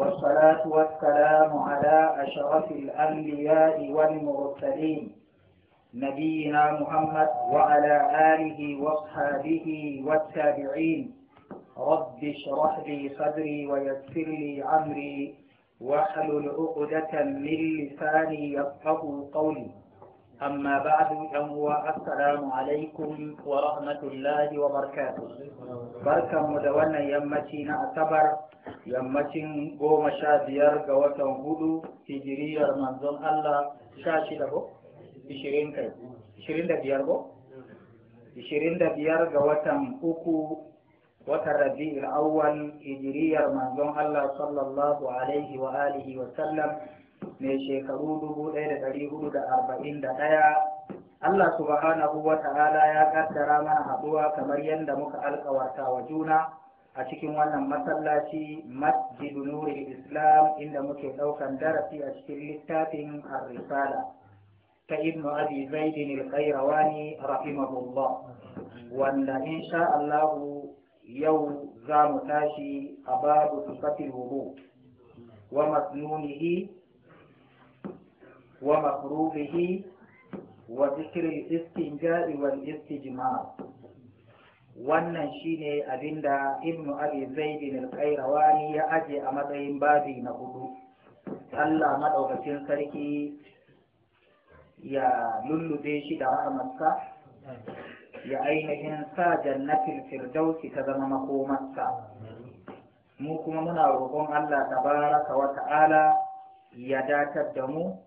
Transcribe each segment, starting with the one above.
والصلاة والسلام على أشرف الأنبياء والمرسلين نبينا محمد وعلى آله وأصحابه والتابعين رب اشرح لي صدري ويسر لي أمري واحلل عقدة من لساني يفقه قولي أما بعد أمو السلام عليكم ورحمة الله وبركاته بركة مدونة يمتين أتبر يمتين قوم شابير قوة هدو هجرية منظم الله شاشي لبو ishirin kai ishirin da biyar ko ishirin da biyar ga watan uku watan rabi'ul awwal hijiriyar manzon Allah sallallahu alaihi wa wa sallam mai shekaru dubu ɗaya da ɗari hudu da arba'in da ɗaya Allah subhanahu wa ta'ala ya ƙaddara mana haɗuwa kamar yadda muka alƙawarta wa juna a cikin wannan masallaci masjidu Nuri islam inda muke ɗaukan darasi a cikin littafin ar-risala ta ibnu abi zaidin al-qayrawani rahimahullah wanda insha Allahu, yau za mu tashi a babu sifatil wudu wa masnunihi ومفروضه وذكر الاستنجاء والاستجماع wannan shine abinda ibnu abi zaid al-qayrawani ya aje a matsayin babi na hudu Allah madaukakin sarki ya lullube shi da rahmatsa ya ainihin sa jannatin firdausi ta zama makomarsa mu kuma muna roƙon Allah tabaraka wa ta'ala ya datar da mu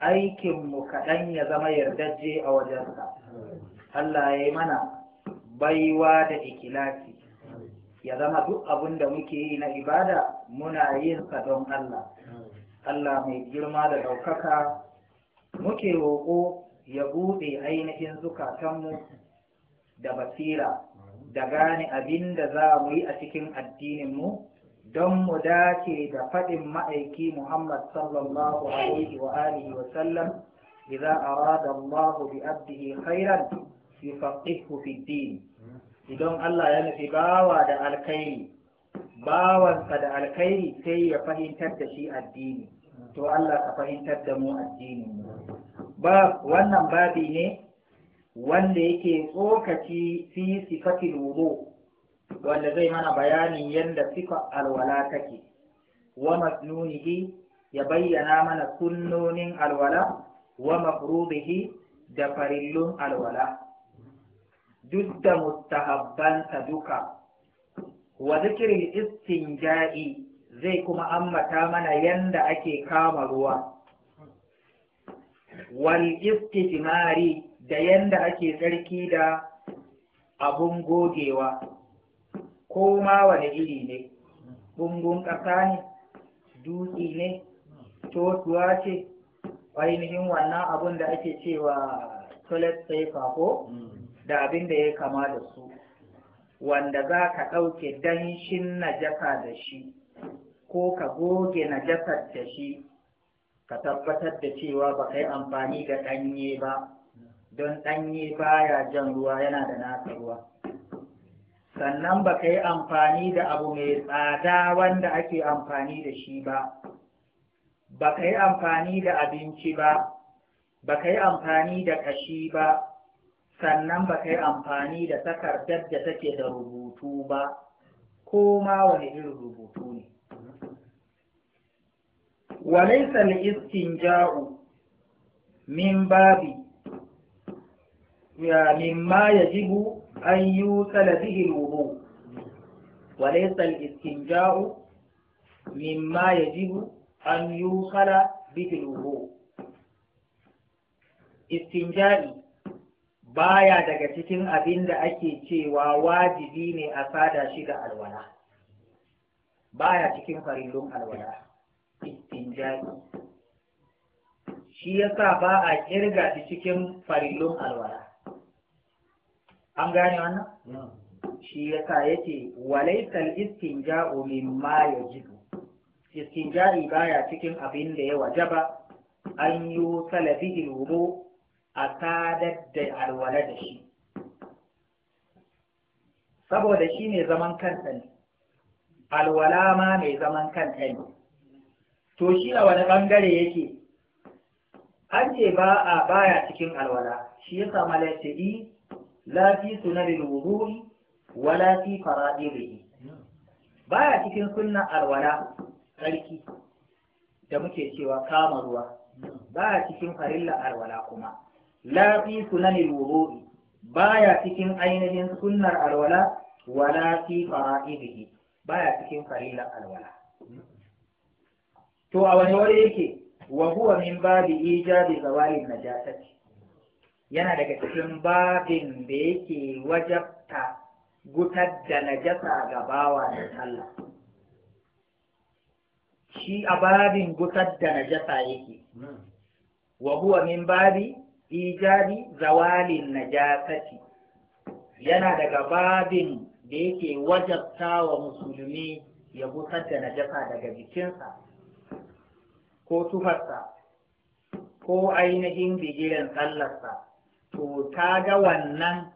aikinmu kaɗan ya zama yardajje a wajensa Allah ya yi mana baiwa da ikilasi ya zama duk abin da muke yi na ibada muna yin sa don Allah Allah mai girma da ɗaukaka muke roƙo ya buɗe ainihin zukatanmu da basira da gane abin da za mu yi a cikin addininmu don mu dace da faɗin ma'aiki Muhammad sallallahu alaihi wa alihi wa sallam idza arada Allahu bi abdihi khairan yufaqihu fi din idan Allah ya nufi bawa da alkhairi bawansa da alkhairi sai ya fahimtar da shi addini to Allah ka fahimtar da mu addini ba wannan babi ne wanda yake tsokaci fi sifatil wudu wanda zai mana bayanin yadda sifa alwala take wa masnunihi ya bayyana mana sunnonin alwala wa mafrubihi da farillun alwala duk da mustahabbanta duka wa zikirin istinja'i zai kuma ammata mana yanda ake kama ruwa wal istifimari da yanda ake tsarki da abun gogewa ko ma wane iri ne bungun ƙasa ne dutse ne totuwa ce ainihin wannan abun da ake cewa toilet paper ko da abin da ya kama da su wanda za ka ɗauke danshin najasa da shi ko ka goge najasar da shi ka tabbatar da cewa ba ka yi amfani da ɗanye ba don ɗanye baya jan ruwa yana da nasa ruwa sannan ba ka yi amfani da abu mai tsada wanda ake amfani da shi ba ba ka yi amfani da abinci ba ba ka yi amfani da kashi ba sannan ba ka yi amfani da takardar da take da rubutu ba ko ma wani irin rubutu ne walaisa istinja'u min babi مما يجب أن يوصل به الوضوء وليس الاستنجاء مما يجب أن يوصل به الوضوء استنجاء baya daga cikin دأكي تي ake cewa wajibi ne a sada shi alwala baya cikin alwala shi yasa ba a kirga cikin farillun alwala an gane wannan shi ya sa yasa yace walaisal al-istinja'u mimma yajibu ba baya cikin abin da ya wajaba an yi salafi ilwudu a sadar da alwala da shi saboda shi ne zaman kansa ne alwala ma mai zaman kanta ne to shi a wani bangare yake an ce ba a baya cikin alwala shi ya sa malaiti la fi sunanil wudu'i wala fi fara'idihi baya cikin sunna alwala tsarki da muke cewa kama ruwa baya cikin farilla alwala kuma la fi sunanil wudu'i baya cikin ainihin sunnar alwala wala fi fara'idihi baya cikin farilla alwala to a wani wuri yake wa huwa min babi ijabi zawalin najasati yana daga cikin babin da yake wajabta gutar da najasa ga bawa da sallah shi a babin gutar da najasa yake wa huwa min babi ijabi zawalin najasati yana daga babin da yake wajabta wa musulmi ya gutar da najasa daga jikinsa ko tufarsa ko ainihin bigiren sallarsa to ta ga wannan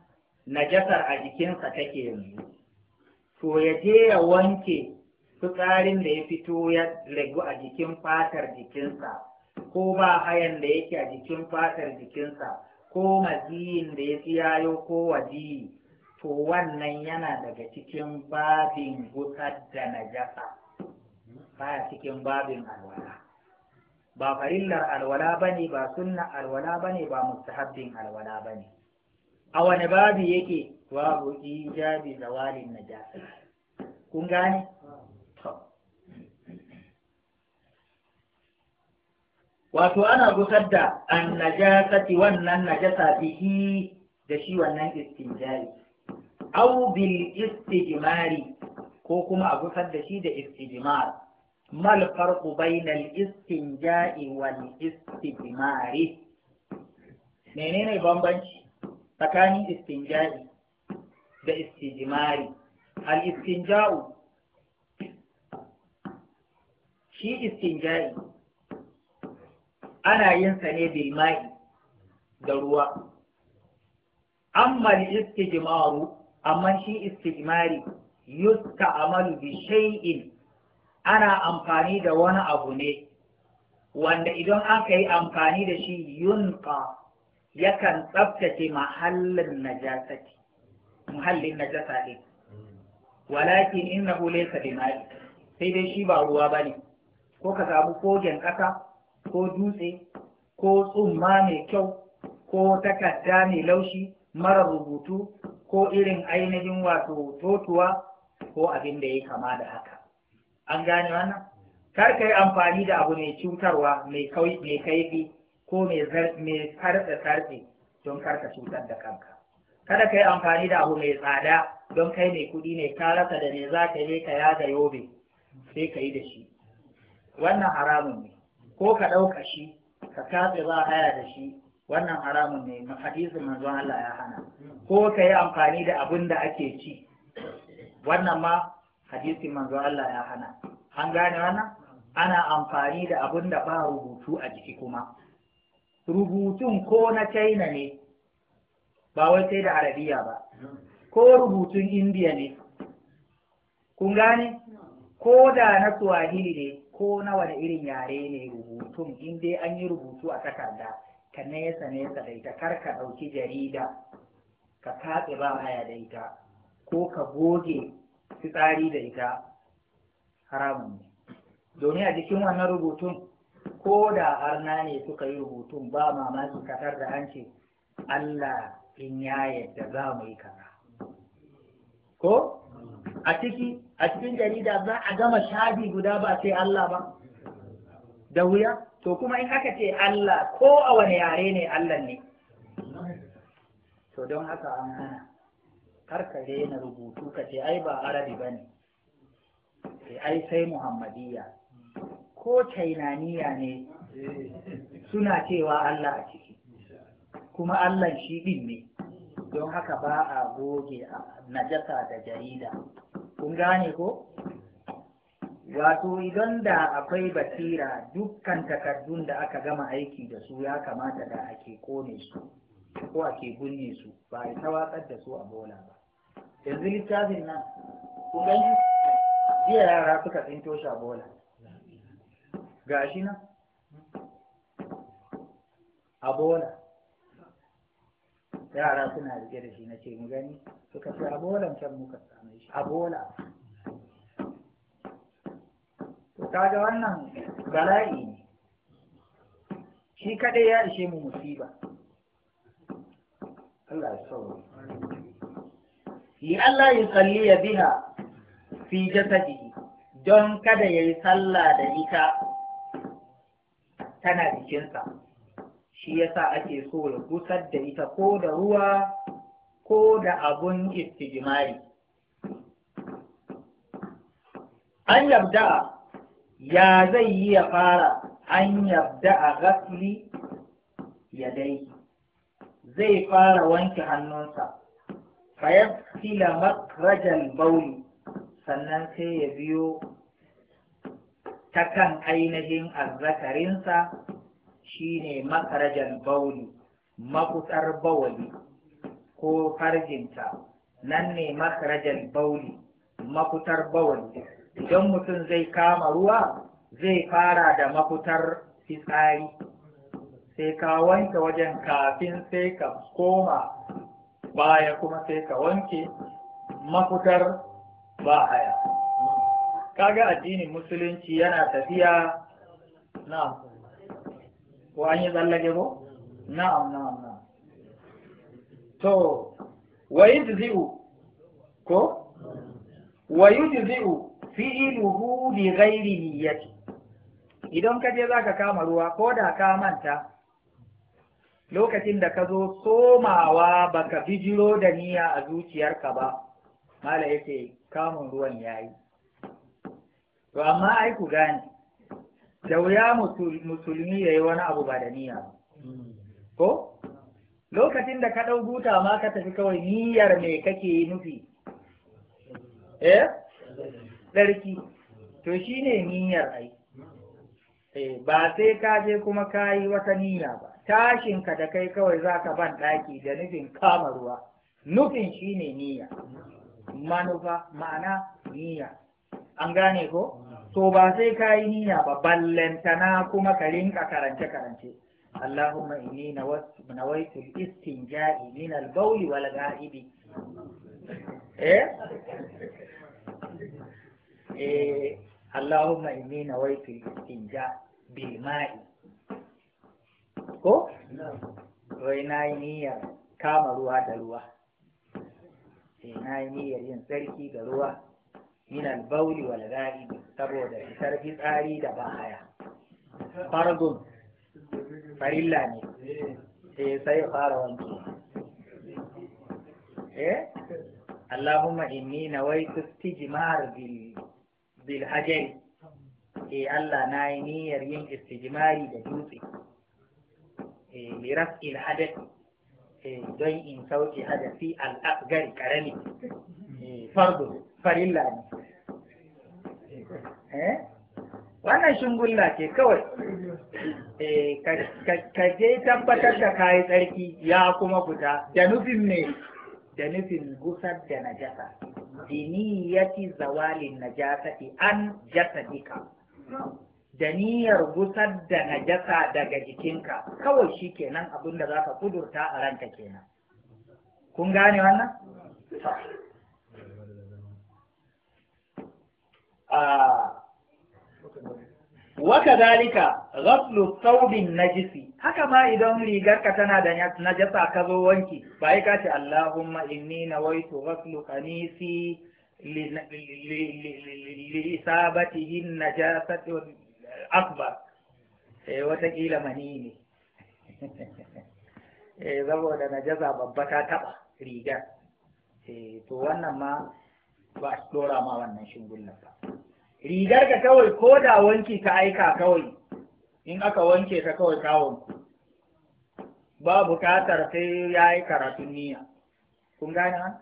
najasar a jikinsa take yanzu to ya je ya wanke fitsarin da ya fito ya ragu a jikin fatar jikinsa ko ba hayan da yake a jikin fatar jikinsa ko maziyin da ya tsiyayo ko wajiyi to wannan yana daga cikin babin gusar da najasa ba cikin babin alwala ba farillar alwala bane ba sunna alwala bane ba mustahabbin alwala bane a wani babu yake babu ijabi zawalin najasa kun gane wato ana gusar da an annajasati wannan najasa bihi da shi wannan istinjari au bil istijmari ko kuma a gusar da shi da istijmari mal farqu bainal istinja'i wal istijmari menene bambanci tsakanin istinja'i da istijmari al istinja'u shi istinja'i ana yin sa ne bil ma'i da ruwa amma istijmaru amma shi istijmari amalu bi shay'in ana amfani da wani abu ne wanda idan aka yi amfani da shi yunqa yakan tsabtace mahallin najasati muhallin najasa ne walakin innahu laysa bima'i sai dai shi ba ruwa bane ko ka samu kogen ƙasa ko dutse ko tsumma mai kyau ko takarda mai laushi mara rubutu ko irin ainihin wato totuwa ko abin da ya kama da haka an gane wannan kar ka yi amfani da abu mai cutarwa mai kaifi ko mai sarɗe sarɗe don kar ka cutar da kanka kada ka yi amfani da abu mai tsada don kai mai kuɗi ne ka rasa da me za ka je ka yaga yobe sai ka yi da shi wannan haramun ne ko ka ɗauka shi ka katse ba haya da shi wannan haramun ne hadisin manzon Allah ya hana ko ka yi amfani da abin da ake ci wannan ma hadisi manzo Allah ya hana an gane wannan ana amfani da abun da ba rubutu a jiki kuma rubutun ko na China ne ba wai sai da Arabiya ba ko rubutun India ne kun gane ko da na Swahili ne ko na wani irin yare ne rubutun in dai an yi rubutu a takarda ka nesa nesa da ita kar ka ɗauki jarida ka katse ba a da ita ko ka goge fitsari da ita haramun ne domin a jikin wannan rubutun ko da arna ne suka yi rubutun ba mamaki katar da an ce Allah in ya yadda za mu yi kaza ko a ciki a cikin jarida za a gama shadi guda ba sai Allah ba da wuya to kuma in aka ce Allah ko a wani yare ne Allah ne to don haka an hana Har ka daina rubutu ka ce ai ba arabi ba ne ai sai muhammadiyya ko tainaniya ne suna cewa allah a ciki kuma allah shi din ne don haka ba a goge a najasa da jarida kun gane ko wato idan da akwai basira dukkan takardun da aka gama aiki da su ya kamata da ake kone su ko ake bunne su ba a tawatsar da su a bola ba yanzu littafin nan kun gan jiya yara suka tsinto shi a bola ga shi nan a bola yara suna rike da shi na ce mu gani suka fi a bolan can muka same shi a bola to kaga wannan bala'i ne shi kadai ya ishe mu musiba Allah ya sauwa لئلا يصلي بها في جسده don kada ya yi sallah da ita tana jikinsa shi yasa ake so ya kusar da ita ko da ruwa ko da abun istijimari an yabda ya zai yi ya fara an yabda a gasli ya dai zai fara wanke hannunsa fayabtila makrajal bauli sannan sai ya biyo ta kan ainihin azzakarinsa shine makrajal bauli makutsar bawali ko farjinta nan ne makrajal bauli makutar bawali idan mutum zai kama ruwa zai fara da makutar fitsari sai ka wanke wajen kafin sai ka koma baya kuma sai ka wanke mafutar ba haya kaga addinin musulunci yana tafiya na ko an yi tsallake ko na'am na'am na'am to wa yujzi'u ko wa yujzi'u fi'luhu li ghairi niyyati idan ka zaka kama ruwa ko da ka manta lokacin da ka zo somawa baka bijiro da niyya a zuciyarka ba mala yake kamun ruwan yayi to amma ai ku gane da wuya musulmi ya yi wani abu ba da niyya ko lokacin da ka ɗau buta ma ka tafi kawai niyyar me kake yi nufi eh tsarki to shine niyyar ai eh, ba sai ka je kuma ka yi wata niyya ba tashin ka da kai kawai za ka ban ɗaki da nufin kama ruwa nufin shine niyya manufa ma'ana niyya an gane ko to ba sai ka yi niyya ba ballantana kuma ka rinka karance karance istinja'i min al-bawli wal البول eh إيه إيه اللهم إني istinja'i bil ma'i ko wai na yi niyyar kama ruwa da ruwa sai eh, na yi niyyar yin tsarki da ruwa min bauli wa lagari saboda fitar fitsari da haya. fargun farilla ne eh, sai sai fara wanke eh Allahumma inni nawaitu istijmar bil bil hajjai, eh Allah na yi niyyar yin istijimari da dutse Eh, liras il hadafi eh, don in sauke hadafi al'asgari karami eh, fardu farilla ne wannan shingulla ce kawai ka je tabbatar da kayi tsarki ya kuma fita da nufin ne da nufin gusar da najasa bi niyyati zawalin najasati an jasa jasadika da niyyar gusar da najasa daga jikinka kawai shi kenan abin da za ka kudurta a ranka kenan kun gane wannan waka dalika ghaslu na najisi haka ma idan rigarka tana da najasa ka zo wanki bai ka ce Allahumma inni nawaitu ghaslu qanisi li na najasati akbar eh watakila mani ne eh saboda jaza, babba ta taba rigar eh to wannan ma ba a dora ma wannan shingullin ba rigar ka kawai ko da wanki ka aika kawai in aka wanke ta kawai kawon ba bukatar sai ya yi karatun niyya kun gane an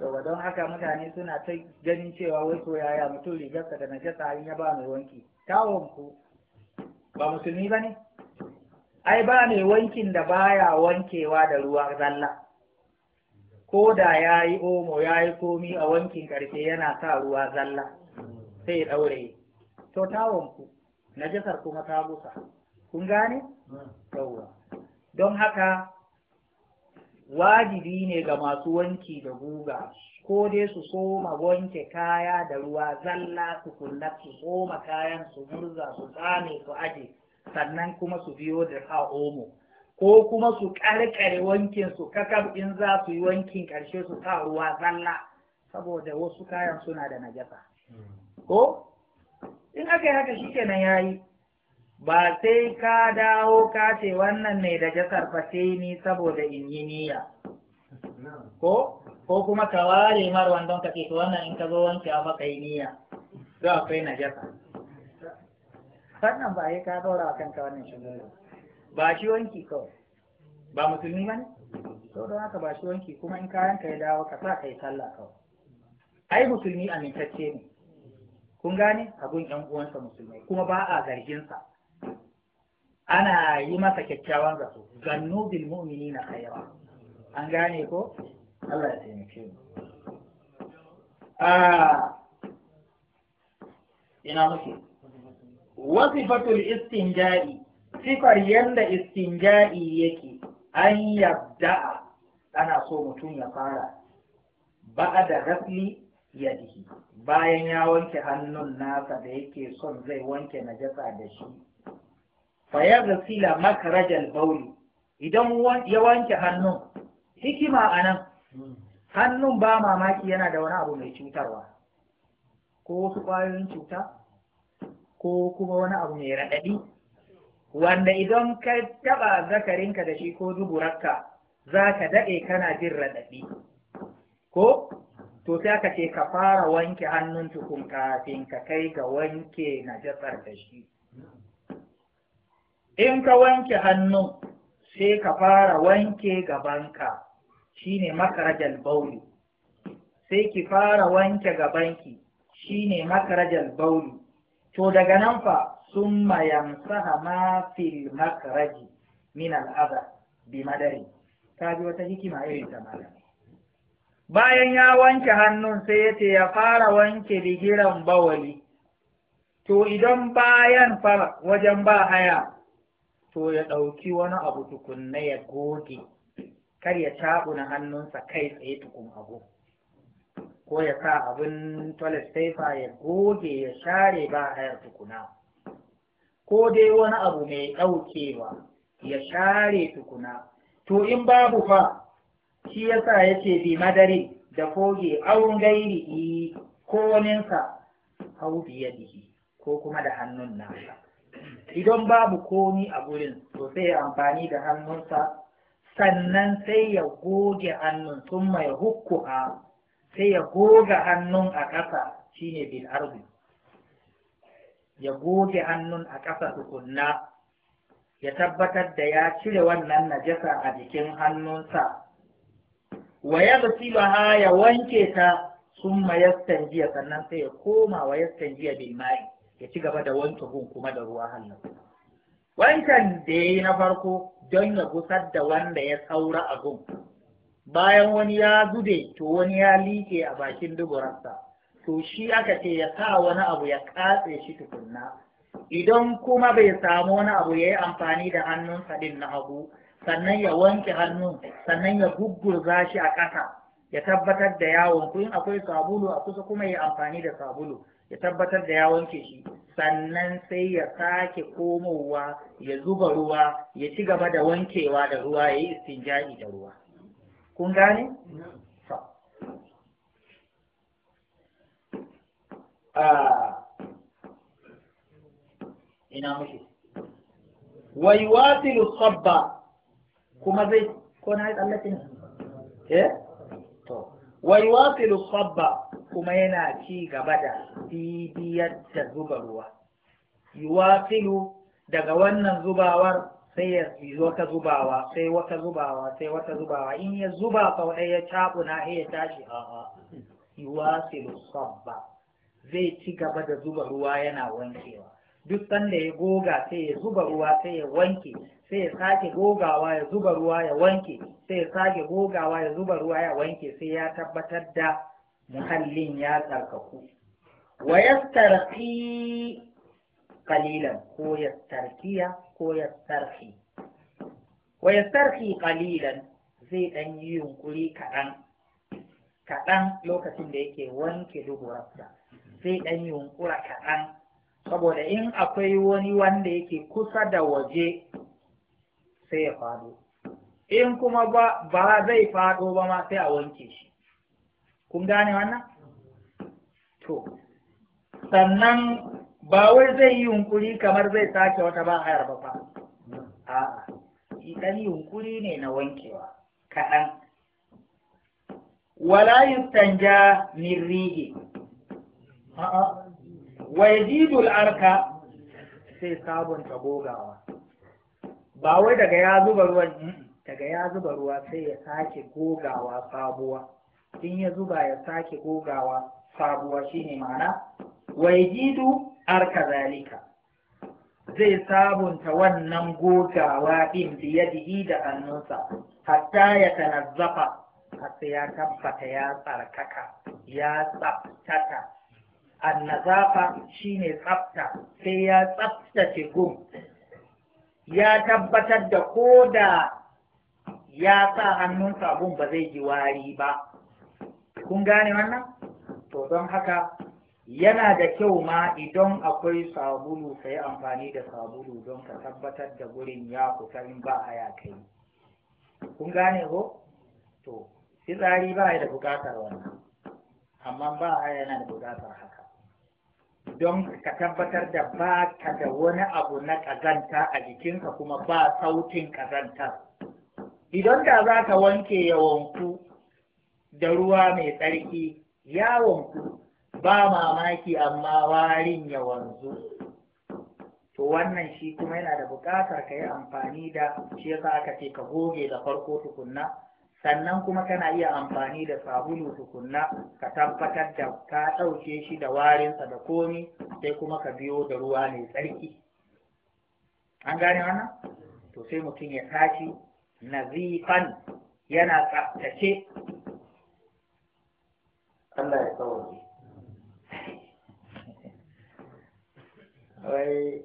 yawa don haka mutane suna ta ganin cewa wai to yaya mutum rigarsa da najasa in ya ba mai wanki tawonku ba musulmi ba ne ai ba mai wankin da baya wankewa da ruwa zalla ko da ya yi omo ya yi komi a wankin ƙarfe yana sa ruwa zalla sai ya ɗaure to na najasar kuma ta busa kun gane yawwa don haka wajibi ne ga masu wanki da guga ko dai su soma wanke kaya da ruwa zalla su kulla su soma kayan su murza su tsame su aje sannan kuma su biyo da ha omo ko kuma su karkare wankin su kakab in za su yi wankin karshe su sa ruwa zalla saboda wasu kayan suna da najasa ko in aka yi haka shikenan yayi ba sai ka dawo ka ce wannan ne da jasar fa ni saboda in yi niyya ko ko kuma ka ware marwan don ka ce to wannan in ka zo wanke a maka yi niyya don akwai najasa sannan ba yi ka zaura a kanka wannan shugaba ba shi wanki kawai ba musulmi ba ne to don haka ba shi wanki kuma in kayan ka ya dawo ka sa ka yi sallah kawai ai musulmi amintacce ne kun gane abun yan uwansa musulmai kuma ba a zarginsa ana yi masa kyakkyawan zato Gannu bil mu'minina khayra an gane ko Allah ya taimake mu ah, ina muke wasifatul istinja'i sifar yanda istinja'i yake an yarda ana so mutum ya fara da rasli yadihi bayan ya wanke hannun nasa da yake son zai wanke najasa da shi fa ya makarajal bauli idan ya wanke hannun hikima a nan hannun ba mamaki yana da wani abu mai cutarwa ko wasu ƙwayoyin cuta ko kuma wani abu mai raɗaɗi wanda idan ka taɓa zakarinka da shi ko duburarka za ka daɗe kana jin raɗaɗi ko to sai aka ce ka fara wanke hannun tukun kafin ka kai ga wanke na najasar da shi in ka wanke hannun sai ka fara wanke gabanka shine makarajal bauli sai ki fara wanke gabanki shine makarajal bauli to daga nan fa summa yamsaha ma fil makaraji min adha bi madari ta ji wata hikima irin ta malami bayan ya wanke hannun sai ya ce ya fara wanke bigiran bawali to idan bayan fara wajen ba haya to ya ɗauki wani abu tukunna ya goge kar ya caɓuna hannunsa kai tsaye tukun abu ko ya sa abin toilet paper ya goge ya share ba hayar tukuna ko dai wani abu mai ɗaukewa ya share tukuna to in babu fa shi yasa yace bi madari da foge aun gairi ko waninsa hau biyadihi ko kuma da hannun nasa idan babu komi a gurin to sai amfani da hannunsa sannan sai ya goge hannun sun mai ya hukkuha sai ya goge hannun a ƙasa shine bil arzi ya goge hannun a ƙasa tukunna ya tabbatar da ya cire wannan najasa a jikin hannunsa wa ya ha ya wanke ta sun ma jiya sannan sai ya koma wa yastan jiya bil mai ya ci gaba da wanke hun kuma da ruwa hannun wancan da ya yi na farko don ya gusar da wanda ya saura a bayan wani ya zube to wani ya liƙe a bakin duburarsa to shi aka ce ya sa wani abu ya katse shi tukunna idan kuma bai samu wani abu ya yi amfani da hannunsa din na hagu sannan ya wanke hannun sannan ya guggurza shi a ƙasa ya tabbatar da yawon in akwai sabulu a kusa kuma ya amfani da sabulu ya tabbatar da ya wanke shi sannan sai ya sake komowa ya zuba ruwa ya ci gaba da wankewa da ruwa ya yi istinja'i da ruwa kun gane ah. ina mushi wa yuwasilu lusabba kuma zai ko na yi tsallafin? eh to wai wasilu khabba kuma yana ci gaba da bibiyar da zuba ruwa yuwasilu daga wannan zubawar sai ya wata zubawa sai wata zubawa sai wata zubawa in ya zuba sau ɗaya ya cabuna na ya tashi a yuwasilu khabba zai ci gaba da zuba ruwa yana wankewa duk sanda ya goga sai ya zuba ruwa sai ya wanke sai ya sake gogawa ya zuba ruwa ya wanke sai ya sake gogawa ya zuba ruwa ya wanke sai ya tabbatar da muhallin ya tsarkaku wa yastarqi qalilan ko yastarqiya ko yastarqi wa yastarqi qalilan zai dan yi yunkuri kaɗan kaɗan lokacin da yake wanke duburarsa zai dan yunkura kaɗan saboda in akwai wani wanda yake kusa da waje sai ya faɗo in kuma ba zai faɗo ba ma sai a wanke shi kun gane wannan to sannan ba wai zai yi yunkuri kamar zai sake wata ba hayar ba fa a'a dan yunkuri ne na wankewa kaɗan wala yustanja min rihi a'a wa yajidul arka sai sabunta gogawa ba wai daga ya zuba ruwa daga ya zuba ruwa sai ya sake gogawa sabuwa in ya zuba ya sake gogawa sabuwa shine ma'ana waijidu arka zalika zai sabunta wannan gogawa din biyadihi da hannunsa hatta ya tanazzafa hatta ya tabbata ya tsarkaka ya tsaftata annazafa shine tsafta sai ya tsaftace gum ya tabbatar da ko da ya sa hannun sabon ba zai ji wari ba kun gane wannan to don haka yana da kyau ma idan akwai sabulu ka yi amfani da sabulu don ka tabbatar da gurin ya kusurin ba a kai kun gane ko to fitsari ba ya da bukatar wannan amma ba a yana da bukatar haka don ka tabbatar da ba ka da wani abu na ƙazanta a jikinka kuma ba sautin ƙazanta. Idan da za ka wanke ya da ruwa mai tsarki ya wanku ba mamaki amma warin ya wanzu. To wannan shi kuma yana da buƙatar ka yi amfani da shi yasa aka ce ka goge da farko tukunna sannan kuma kana iya amfani da sabulu tukunna ka tabbatar da ka ɗauke shi da warinsa da komi sai kuma ka biyo da ruwa mai tsarki an gane wannan to sai mutum ya tashi nazifan yana tsaftace Allah ya wai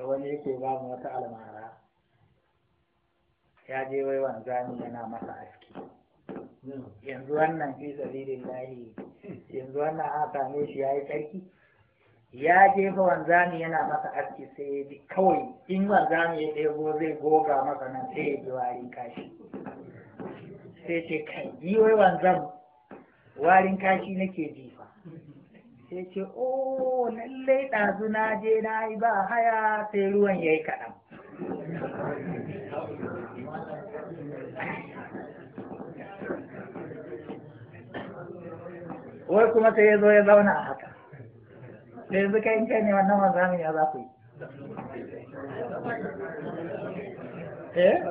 wani yake ba mu wata almara ya je wai wanzami yana masa aski yanzu wannan fi lahi yanzu wannan a same shi ya yi tsarki ya je fa wanzami yana masa aski sai ya ji kawai in wanzami ya ɗebo zai goga masa nan sai ya ji warin kashi sai ce kai yi wai wanzam warin kashi nake ji fa sai ce o oh, lallai ɗazu na je na yi ba haya sai ruwan ya yi kaɗan wai kuma sai ya zo ya zauna a haka da yanzu kai kai ne wannan wanzamin ya za ku yi eh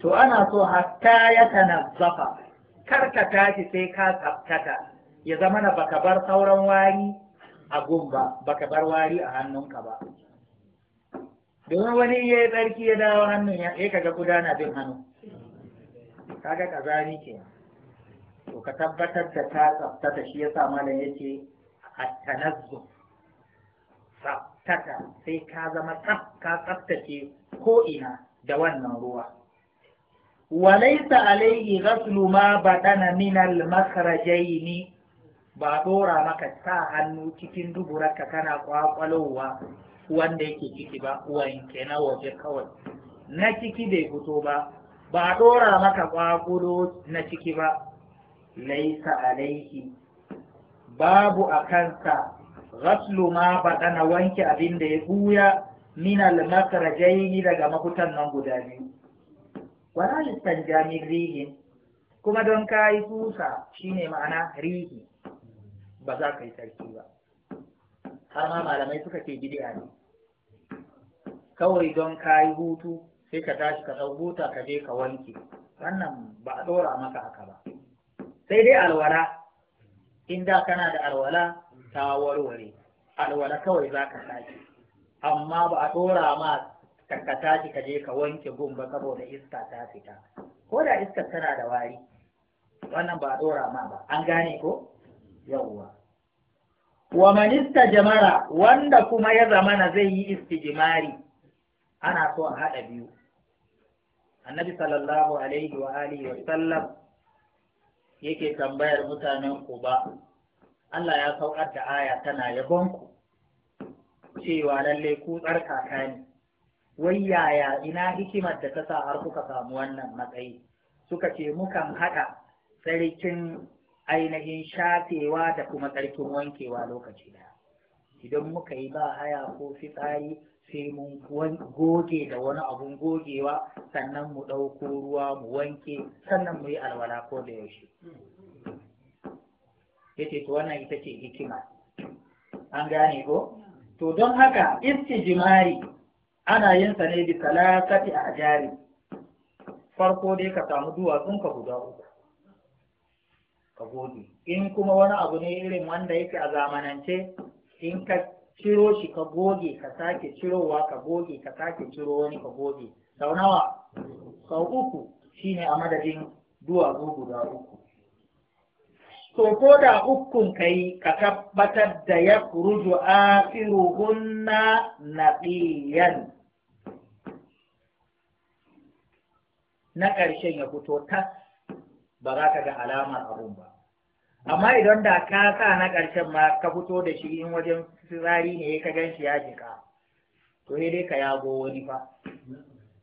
to ana so hatta ya tanazzafa kar ka tashi sai ka tsaftata ya zama na baka bar sauran wari a gumba baka bar wari a hannunka ba domin wani ya yi tsarki ya dawo hannun ya ka ga gudana bin hannu kaga ni ke to ka tabbatar da ta tsaftata shi ya da ya yace a tanazzu tsaftata sai ka zama tsaf ka tsaftace ko ina da wannan ruwa walaisa alayhi ghaslu ma badana min al ba dora maka sa hannu cikin duburarka kana kwakwalowa wanda yake ciki ba wanke na waje kawai na ciki bai fito ba ba ɗora maka kwakwalo na ciki ba laisa alaihi babu a kansa ghaslu ma baɗana wanke abinda ya buya min almakrajaini daga mafutan nan guda biyu wala listan jamin kuma don kayi tusa shine ma'ana rihi ba za ka yi sarki ba har ma malamai suka ce bid'a ne kawai don ka yi hutu sai ka tashi ka ɗau Huta ka je ka wanke wannan ba a ɗora maka haka ba sai dai alwala in da kana da alwala ta warware alwala kawai za ka tashi amma ba a ɗora ma ka tashi ka je ka wanke gun ba saboda iska ta fita ko da iskar tana da wari wannan ba a ɗora ma ba an gane ko yawwa wa manista jamara wanda kuma ya zamana zai yi istijimari ana so a haɗa biyu annabi sallallahu alaihi wa alihi wa sallam yake tambayar mutanen ku ba Allah ya saukar da aya tana yabon ku cewa lalle ku tsarkaka ne wai yaya ina hikimar da ta sa har kuka samu wannan matsayi suka ce mukan haɗa sarkin ainihin shafewa da kuma tsarkin wankewa lokaci daya idan muka yi ba haya ko fitsari sai mun goge da wani abun gogewa sannan mu ɗauko ruwa mu wanke sannan mu yi alwala ko da yaushe yace to wannan ita ce hikima an gane ko to don haka jima'i ana yin sa ne bi talakati a jari farko dai ka samu duwatsun ka guda uku ka goge in kuma wani abu ne irin wanda yake a zamanance in ka ciro shi ka goge ka sake cirowa ka goge ka sake ciro wani ka goge sau nawa sau uku shine a madadin duwatsu guda uku to ko da ukun kai ka tabbatar da ya ruju na naqiyan na ƙarshen ya fito tas ba za ka ga alamar abun ba amma idan da ka sa na ƙarshen ma ka fito da shi in wajen tsari ne ka gan shi ya jika to sai dai ka yago wani fa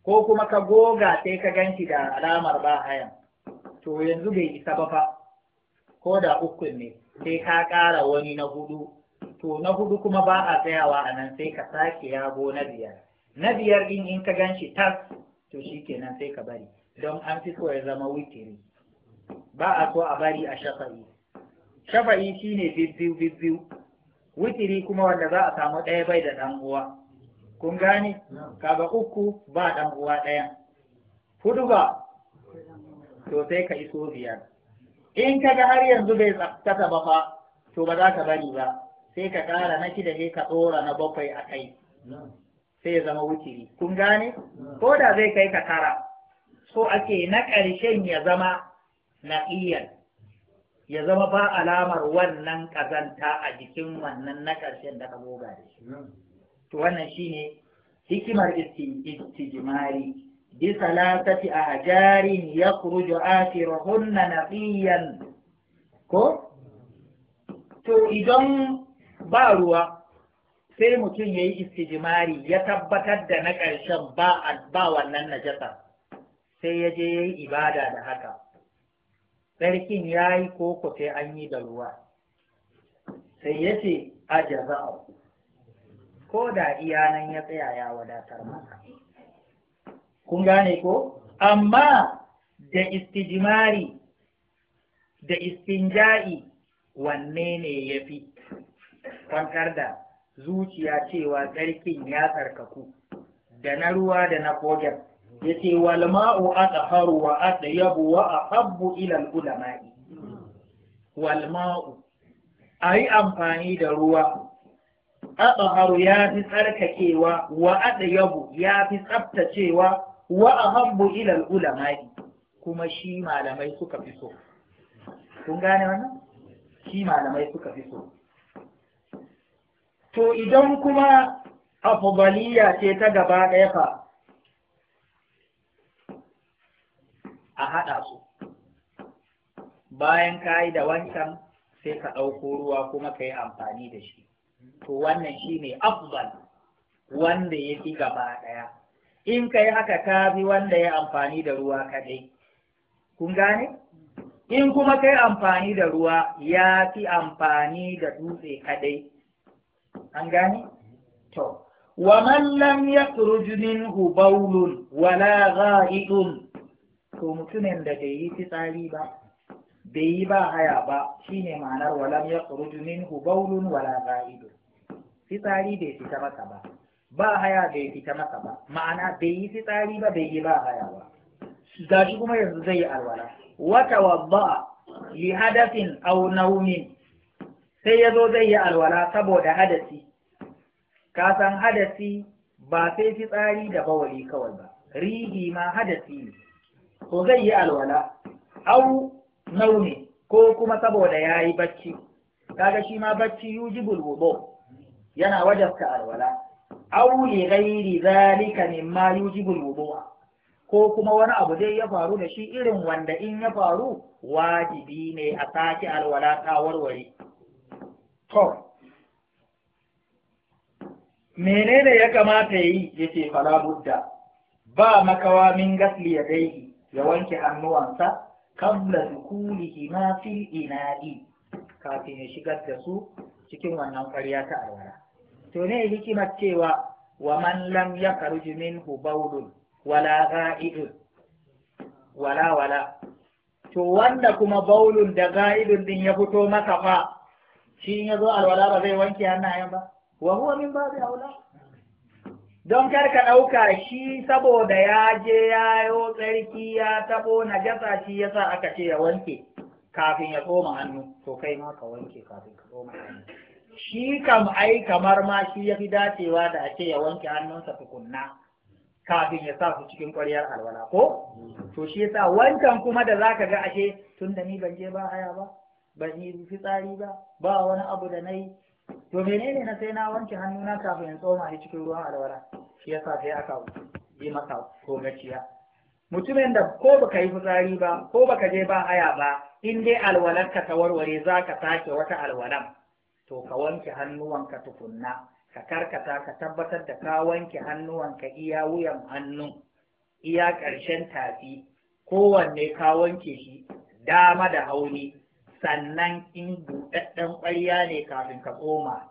ko kuma ka goga sai ka gan shi da alamar ba hayan to yanzu bai isa ba fa ko da uku ne sai ka ƙara wani na hudu to na hudu kuma ba a tsayawa a nan sai ka sake yago na biyar na biyar ɗin in ka gan shi tas to kenan sai ka bari don an fi so ya zama wikiri ba a so a bari a shafa'i shafa'i shine bibbiyu bibbiyu witiri kuma wanda za a samu ɗaya bai da ɗan uwa kun gane kaga uku ba ɗan uwa ɗayan hudu ba to sai ka iso biyar in ka ga har yanzu bai tsaftace ba fa to ba za ka bari ba sai ka ƙara na shida ne ka tsora na bakwai a kai sai ya zama wutiri kun gane ko da zai kai ka tara so ake na ƙarshen ya zama Na'iyan ya zama ba alamar wannan kazanta a jikin wannan na ƙarshen da ka goga da shi to wannan shi ne hikimar istijimari bisa istijmari bi salatati a yakhruju akhiruhunna naqiyan ko to idan ba ruwa sai mutum ya yi istijimari ya tabbatar da na ƙarshen ba wannan najasa sai ya je ya yi ibada da haka tsarkin ya yi koko sai an yi da ruwa sai ya ce a jaza'u ko da iyanan ya tsaya ya wadatar maka kun gane ko amma da istijimari da istinja'i wanne ne ya fi kwankar da zuciya cewa tsarkin ya tsarkaku da na ruwa da na kogin yace walma’u ma'u haru wa yabu wa a ila al ulama'i walma’u a ayi amfani da ruwa haru ya fi tsarkakewa wa yabu ya fi tsaftacewa wa a ila al ulama'i kuma shi malamai suka fi so kun gane wannan shi malamai suka fi so to idan kuma afubaliya ce ta gaba ɗaya fa a haɗa su bayan ka yi da wancan sai ka ɗauko ruwa kuma ka yi amfani da shi to wannan shi ne afdal wanda ya fi gaba ɗaya in ka yi haka ka bi wanda ya amfani da ruwa kaɗai kun gane in kuma ka yi amfani da ruwa ya fi amfani da dutse kaɗai an gane to wa man lam yakhruj minhu bawlun wala gha'idun to mutumin da bai yi fitsari ba bai yi ba haya ba shine ma'anar walam ya khuruju minhu bawlun wala qa'idu fitsari bai fita masa ba ba haya bai fita masa ba ma'ana bai yi fitsari ba bai yi ba haya ba gashi kuma yanzu zai yi alwala wa tawadda li hadathin aw naumin sai ya zo zai yi alwala saboda hadasi ka san hadasi ba sai fitsari da bawali kawai ba rihi ma hadasi ne ko zai yi alwala au naumi ko kuma saboda ya yi bacci kaga shi ma bacci yujibul wudu yana wajabta alwala au li ghairi zalika mimma yujibul wudu ko kuma wani abu dai ya faru da shi irin wanda in ya faru wajibi ne a sake alwala ta warware to menene ya kamata yi yace fala budda ba makawa min gasli ya ya wanke hannuwansa kabla dukulihi himafin ina ina'i kafin ya shigar da su cikin wannan ƙwarya ta alwala to ne hikimar cewa wa man lam yakhruj minhu hubaudun wala ga'idun wala wala to wanda kuma baulun da ga'idun din ya fito masa fa shi ya zo alwala ba zai wanke hannayen ba wa huwa min babi aula don kar ka ɗauka shi saboda ya je ya yo tsarki ya taɓo na gasa shi ya sa aka ce ya wanke kafin ya tsoma hannu to kai ma ka wanke kafin ka tsoma hannu shi kam ai kamar ma shi ya fi dacewa da ake ya wanke hannunsa tukunna kafin ya sa su cikin ƙwaryar alwala ko to shi yasa wancan kuma da zaka ga ashe tun da ni ban je ba haya ba ban yi fitsari ba ba wani abu da nayi to menene na sai na wanke hannuna kafin in tsoma shi cikin ruwan alwala shi yasa sai aka yi masa komaciya mutumin da ko baka yi fitsari ba ko baka je ba haya ba in dai alwalar ka ta warware za ka sake wata alwalan to ka wanke hannuwanka tukunna ka karkata ka tabbatar da ka wanke hannuwanka iya wuyan hannu iya ƙarshen tafi kowanne ka wanke shi dama da hauni sannan in buɗaɗɗen ƙwarya ne kafin ka tsoma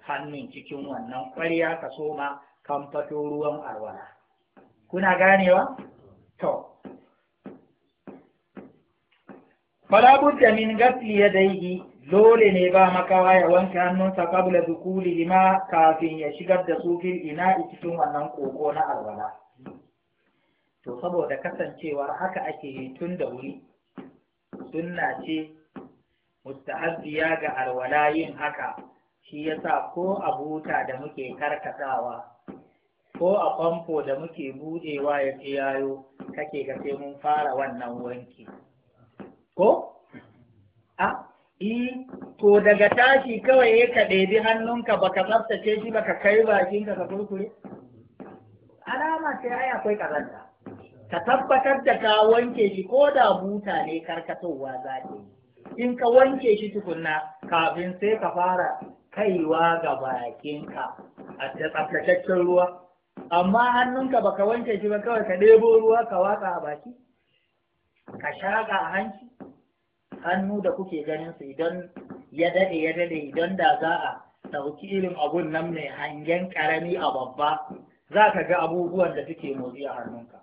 hannun cikin wannan ƙwarya ka soma kan fato ruwan alwala. kuna ganewa to fala budda min ya yadayhi dole ne ba makawa ya wanke hannunsa kabla zukuli lima kafin ya shigar da su ina cikin wannan koko na alwala to saboda kasancewar haka ake yi tun da wuri sunna ce mustahabbiya ga alwala yin haka shi yasa ko a buta da muke karkatawa ko a famfo da muke budewa ya tsiyayo kake ga sai mun fara wannan wanki ko a i ko daga tashi kawai ya ka ɗebi hannunka baka tsaftace shi baka kai bakinka ka kurkure alama ce ai akwai kazanta ka tabbatar da ka wanke shi ko da buta ne karkatowa za ta yi in ka wanke shi tukunna kafin sai ka fara kaiwa ga bakinka a tsaftataccen ruwa amma hannunka ba ka wanke shi ba kawai ka ɗebo ruwa ka watsa a baki ka shaƙa a hanci hannu da kuke ganin su idan ya daɗe ya daɗe idan da za a ɗauki irin abun nan mai hangen ƙarami a babba za ka ga abubuwan da suke motsi a hannunka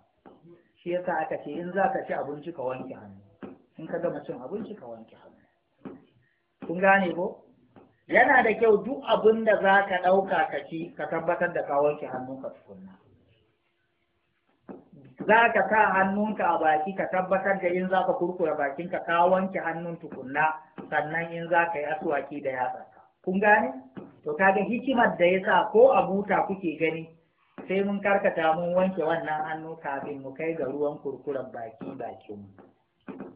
shi yasa aka ce in za ka ci abinci ka wanke hannu in ka gama cin abinci ka wanke hannu kun gane ko yana da kyau duk abin da za ka ɗauka ka ci ka tabbatar da ka wanke hannunka tukunna za ka sa hannunka a baki ka tabbatar da in za ka kurkura bakinka ka wanke hannun tukunna sannan in za ka yi asuwaki da yatsa kun gane to kaga hikimar da ya sa ko a buta kuke gani sai mun karkata mun wanke wannan hannu kafin mu kai ga ruwan kurkuren baki bakinmu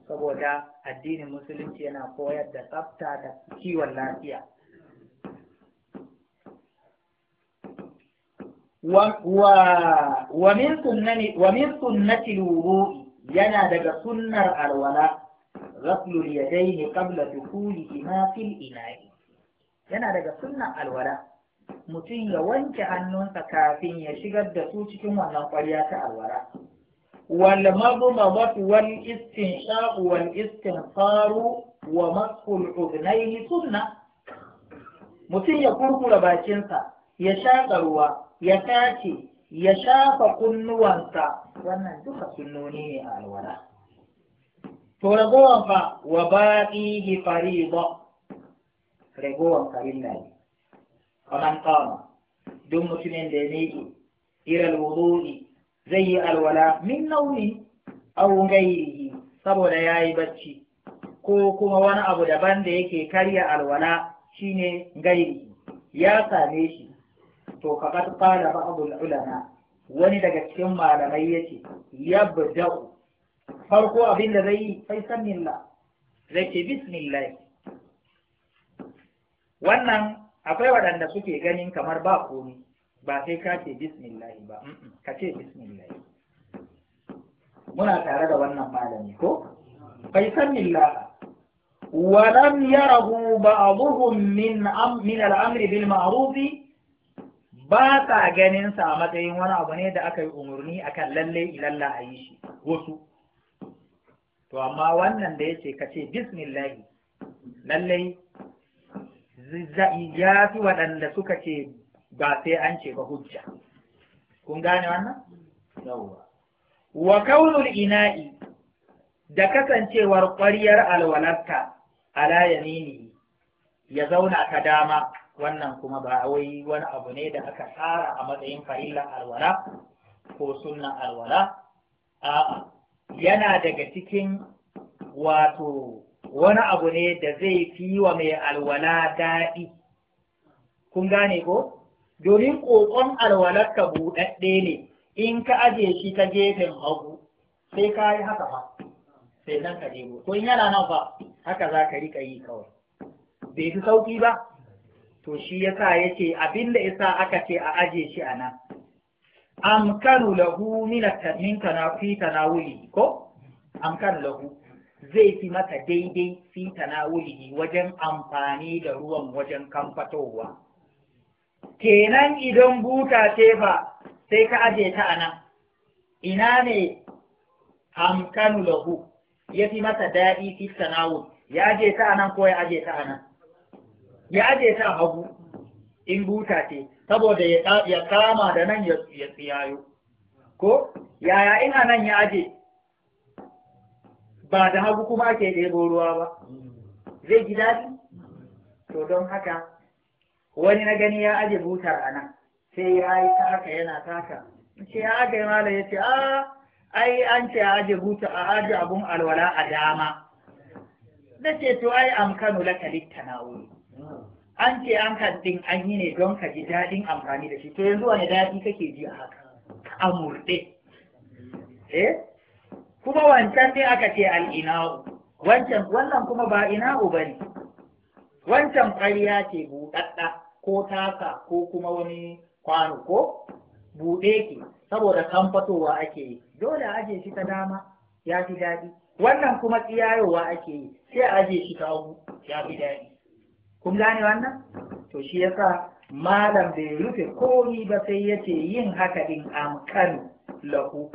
saboda addinin musulunci yana koyar da tsafta da kiwon lafiya wa min sunnati wudu'i yana daga sunnar alwala ghaslul yadayhi qabla dukhulihi ma fil ina'i yana daga sunnar alwala mutum ya wanke hannunsa kafin ya shigar da su cikin wannan ƙwarya ta alwala والمضمضة والاستنشاق والاستنقار ومسح الأذنين suna? mutum ya kurkura bakinsa ya shaƙa ruwa ya tace ya shafa kunnuwansa wannan duka sunnoni ne a alwala to ragowar fa wa baqihi fariḍa ragowar farilla ne kaman kama duk mutumin da ya miƙe iral wudu'i zai yi alwala min nauni ghairihi saboda ya yi bacci ko kuma wani abu daban da yake karya alwala shine gairi ya same shi to faqad qala ba'dul ulama wani daga cikin malamai yace yabda'u farko abin da zai yi sai sanilla zai ce bismillah wannan akwai waɗanda suke ganin kamar ba komi ba sai ka ce bismillahi ba ka ce bismillahi muna tare da wannan malami ko bai san millah ولم يره بعضهم من من bil ma'ruf ba ta ganin sa a matsayin wani abu ne da aka yi umarni akan lalle ilalla a shi wasu to amma wannan da yace ka ce bismillahi lalle ya fi waɗanda suka ce ba sai an ce ba hujja kun gane wannan yawwa wa kaulul ina'i da kasancewar ƙwaryar alwalarta ala yamini ya zauna ta dama wannan kuma ba wai wani abu ne da aka tsara a matsayin farilla alwala ko sunna alwala a'a yana daga cikin wato wani abu ne da zai fi wa mai alwala daɗi kun gane ko domin ƙoƙon alwalarka buɗaɗɗe ne in ka aje shi ta gefen hagu sai ka yi haka ba, sai nan ka debo Ko in yana nan ba, haka za ka riƙa yi kawai bai fi sauƙi ba to shi ya ya sa ce yace abinda yasa aka ce a aje shi a nan amkanu lahu min min kana fi tanawuli ko amkanu lahu zai fi mata daidai fi tanawuli wajen amfani da ruwan wajen kamfatowa kenan idan buta ce fa sai ka aje ta a nan ina ne amkanu lahu ya fi masa daɗi fi sana'u ya aje ta a nan ko ya aje ta a nan ya aje ta a hagu in buta ce saboda ya kama da nan ya tsiyayo ko yaya in a nan ya aje ba da hagu kuma ake ɗebo ruwa ba zai ji daɗi to don haka wani na gani ya aje butar a nan sai ya yi ta haka yana taka ce ya aka yi mala ya ce a ah, ai an ce a aje butar a aje abun alwala a dama na ce to ai amkanu laka littanawu an ce an kaddin an yi ne don ka ji daɗin amfani da shi to yanzu wani daɗi kake ji a haka a murɗe eh kuma wancan ne aka ce al'ina'u wancan wannan kuma ba ina'u ba ne. wancan ƙarya ce buɗaɗɗa ko tasa ko kuma wani kwano ko buɗe ki saboda kan fatowa ake yi dole aje shi ta dama ya fi daɗi wannan kuma tsiyayowa ake yi sai aje shi ta hagu ya fi daɗi kun gane wannan to shi yasa malam bai rufe komi ba sai ya yin haka din amkan lahu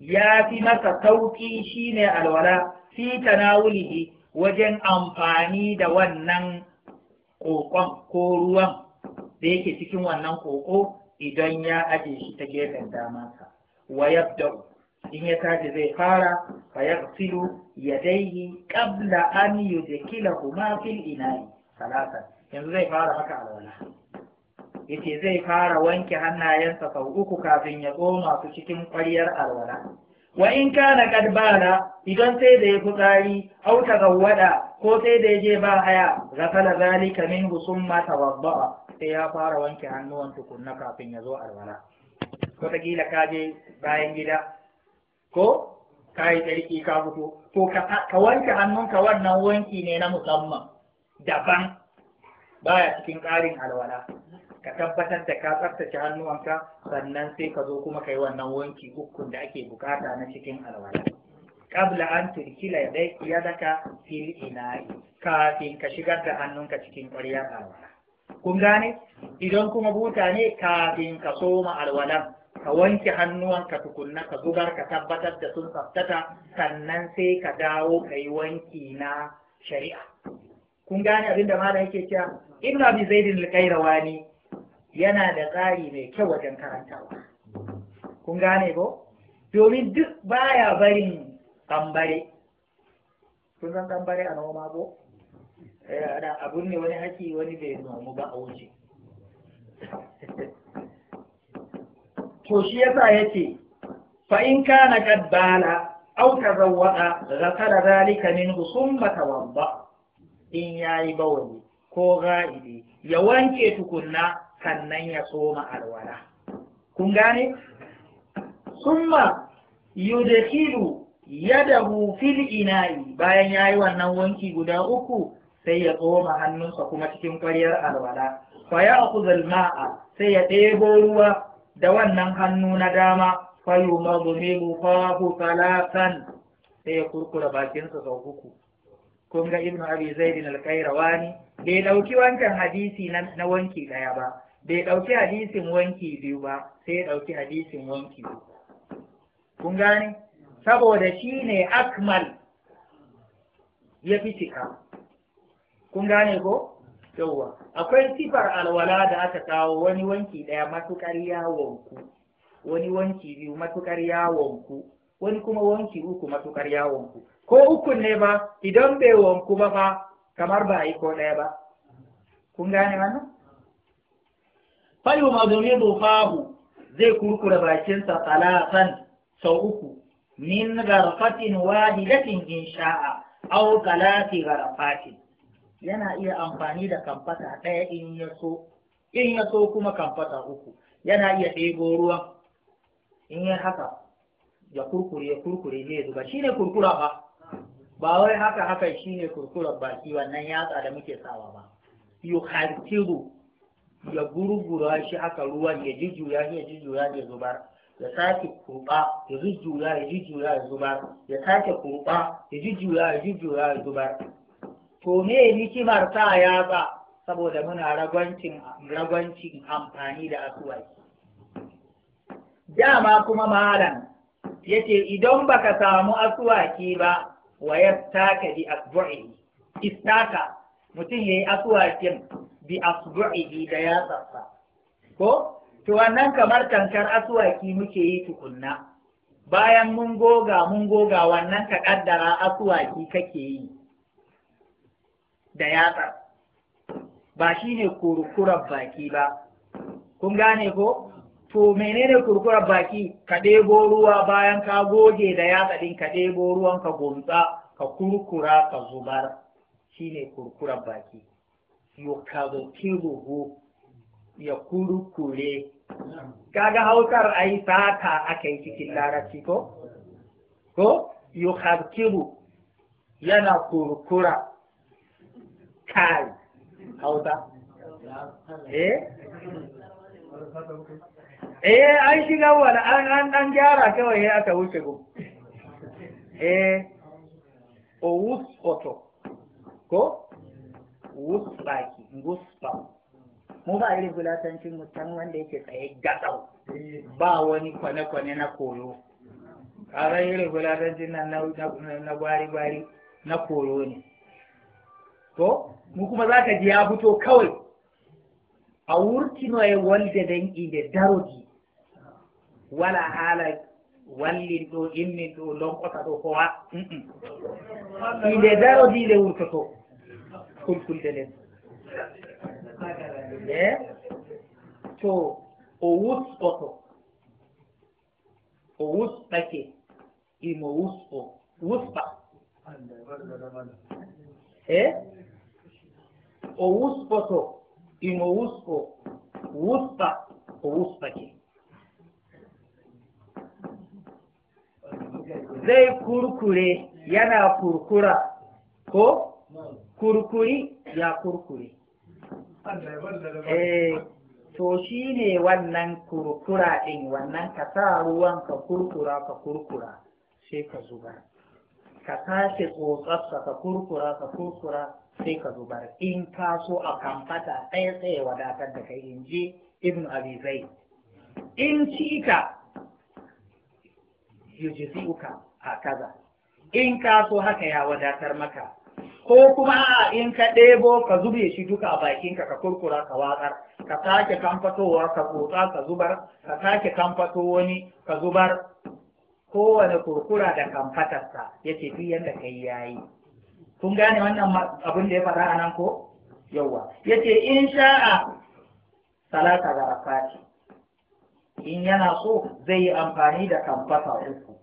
ya fi masa sauƙi shine alwala fi tanawulihi wajen amfani da wannan kokon ko ruwan da yake cikin wannan koko idan ya aje shi ta gefen ka wa yabda in ya tashi zai fara fa yaghsilu yadayhi qabla an kuma fil ina'i salasa yanzu zai fara haka alwala yace zai fara wanke hannayensa sau uku kafin ya tsoma su cikin ƙwaryar alwala wa in kana kad bana idan sai da ya fitsari au ta gawwada ko sai da ya je ba haya zakala zalika min husumma tawadda sai ya fara wanke hannuwan tukunna kafin ya zo alwala wataƙila ka je bayan gida ko ka yi tsarki ka fito to ka wanke hannunka wannan wanki ne na musamman daban baya cikin ƙarin alwala ka tabbatar da ka tsaftace hannuwanka sannan sai ka zo kuma kai wannan wanki ukun da ake bukata na cikin alwala qabla an turkila yadaka fil ina'i kafin ka shigar da hannunka cikin ƙwaryar alwala kun gane idan kuma buta ne kafin ka soma alwala ka wanke hannuwanka tukunna ka zubar ka tabbatar da sun tsaftata sannan sai ka dawo ka yi wanki na shari'a kun gane abin da malam yake cewa ibnu abi zaidin al-qayrawani yana da tsari mai kyau wajen karantawa kun gane ko domin duk baya barin ɓambare. kun san ɓambare a noma ko eh, da abun ne wani haki wani bai nomu ba a wuce to shi yasa ce fa in kana kad bala aw tazawwada ghasala zalika minhu thumma tawadda in yayi bawli ko ga'ibi ya wanke tukunna sannan ya soma alwala kun gane summa ya yadahu fil ina'i bayan yayi wannan wanki guda uku sai ya tsoma hannunsa kuma cikin kwaryar alwala fa a maa sai ya ɗebo ruwa da wannan hannu na dama fa yumazmilu fahu salatan sai ya kurkura bakinsa sau uku kun ga abi zaid al-qayrawani bai ɗauki wancan hadisi na wanki ɗaya ba bai ɗauki hadisin wanki biyu ba sai ya ɗauki hadisin wanki kun gane saboda shi ne akmal ya fi cika kun gane ko yauwa akwai sifar alwala da aka kawo wani wanki ɗaya matuƙar yawonku wani wanki biyu matuƙar yawonku wani kuma wanki uku matuƙar yawonku ko ukun ne ba idan bai wanku ba ba kamar ba a yi ko ɗaya ba kun gane wannan fayu mazuridu fahu zai kurkura bakinsa talatan sau uku min garfatin wahidatin insha'a aw galati garfatin yana iya amfani da kamfata ɗaya in ya so in ya so kuma kamfata uku yana iya ɗebo ruwa in ya haka ya kurkure ya kurkure ne zuba shine kurkura ba ba wai haka haka shine kurkura baki wannan yatsa da muke sawa ba yuharkiru ya gurgura shi haka ruwan ya jujjuya ya jujjuya ya zubar ya sake kurba ya jujjuya ya jujjuya ya zubar ya sake kurba ya jujjuya ya jujjuya ya zubar to me hikimar sa ya ba saboda muna ragwancin ragwancin amfani da asuwai dama kuma malam yace idan baka samu asuwaki ba wa yastaka bi asbu'i istaka mutum yayi asuwakin bi asbu'ihi da yatsarsa ko to wannan kamar tankar asuwaki muke yi tukunna bayan mun goga mun goga wannan ka kaddara asuwaki kake yi da yatsar ba shine kurkurar baki ba kun gane ko to menene kurkurar baki ka ɗebo ruwa bayan ka goge da yatsa ɗin ka ɗebo ruwan ka gumtsa ka kurkura ka zubar shine kurkurar baki yukarkiruhu ya kurukure kaga hausar ai fata akai cikin larabci ko ko yukarkiru yana kurukura kai hausa eh eh an shiga wani an an dan gyara kawai aka wuce go eh owus oto ko wusba ki wusba mu ba irin bulatancin mutan wanda yake tsaye gatsau ba wani kwane-kwane na koyo ƙarar irin bulatancin nan na gwari-gwari na koyo ne to mu kuma za ka ji ya fito kawai a wurtino ya walda dan ide darogi wala hala wallin do inni do lon kota do kowa ide darogi da wurtoto kulkuldelen ne to owus oto owus ɗake imo wus o wuspa eh owus oto imo wus o wuspa owuspa ke zai kurkure yana kurkura ko kurkuri ya kurkuri. eh to shi ne wannan kurkura ɗin wannan ka sa ruwan ka kurkura ka kurkura sai ka zubar ka tashi tsotsarsa ka kurkura ka kurkura sai ka zubar in ka so a kamfata ɗaya tsaye wadatar da kai in ji ibn abi zaid in ci ka uka a kaza in ka so haka ya wadatar maka ko kuma in ka ɗebo ka zube shi duka a bakinka ka kurkura ka wakar ka sake kamfatowa ka tsotsa ka zubar ka sake kamfato wani ka zubar kowane kurkura da kamfatarsa ya ce duk yadda kai yayi kun gane wannan abin da ya faɗa a nan ko yawwa ya ce in sha'a salata da rafati in yana so zai yi amfani da kamfata uku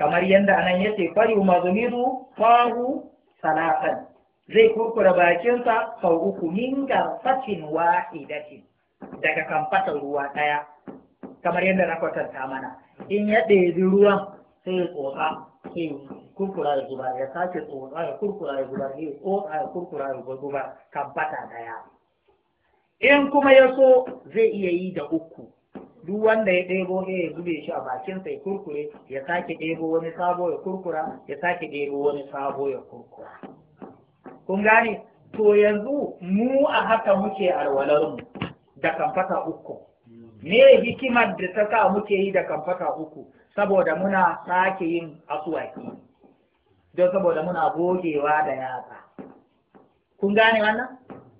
kamar yadda anan ya ce fari mazumiru fahu salasan zai kurkura bakinsa sau uku min garfatin wahidatin daga kamfatar ruwa ɗaya kamar yadda na kwatanta mana in ya ɗebi ruwan sai ya tsotsa sai kurkura da zuba ya sake tsotsa ya kurkura da zuba sai ya tsotsa ya kurkura da zuba kamfata ɗaya in kuma ya so zai iya yi da uku duk wanda ya ɗebo ya zube shi a bakin sai kurkure ya sake ɗebo wani sabo ya kurkura ya sake ɗebo wani sabo ya kurkura kun gane to yanzu mu a haka muke alwalarmu da kamfata uku me hikimar da ta sa muke yi da kamfata uku saboda muna sake yin asuwaki don saboda muna gogewa da yatsa kun gane wannan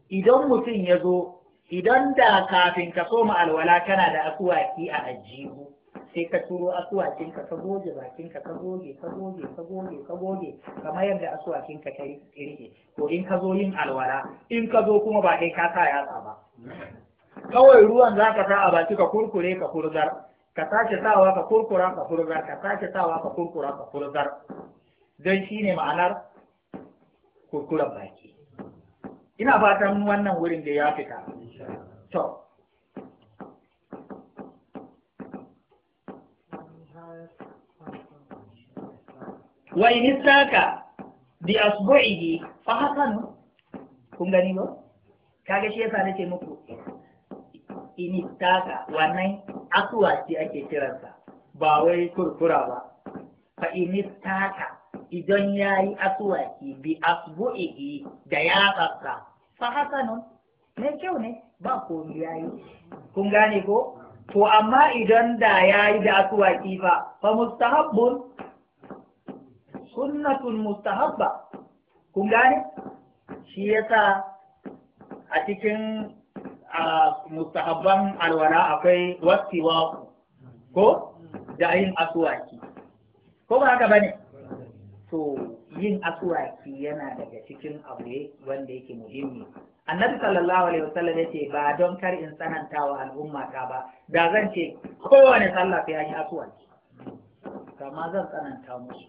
idan mutum ya zo idan da kafin ka soma alwala kana da asuwaki a ajihu sai ka turo asuwakin ka ka goge bakin ka ka goge ka goge ka goge ka goge kamar yadda asuwakin ka ta rike to in ka zo yin alwala in ka zo kuma ba kai ka sa yatsa ba kawai ruwan za ka sa a baki ka kurkure ka kurzar ka sake sawa ka kurkura ka kurzar ka sake sawa ka kurkura ka kurzar don shine ma'anar kurkuren baki ina fatan wannan wurin da ya fita to wa in istaka bi asbu'ihi fa hasanu kun gani ba Kage shi yasa nake muku in istaka wannan asuwa ce ake kiransa ba wai kurkura ba fa in istaka idan ya yi asuwaki bi asbu'ihi da ya yatsarsa fa hasanun ne kyau ne ba komi ya yi kun gane ko to amma idan da ya yi da asuwaki fa fa mustahabbun sunnatun mustahabba kun gane shi yasa a cikin mustahabban alwala akwai wasiwa ko da yin asuwaki ko ba haka bane to yin asuraki yana daga cikin abu wanda yake muhimmi annabi sallallahu alaihi wasallam yace ba don kar in tsananta wa al'umma ka ba da zan ce kowane sallah sai an yi asuraki kama zan tsananta musu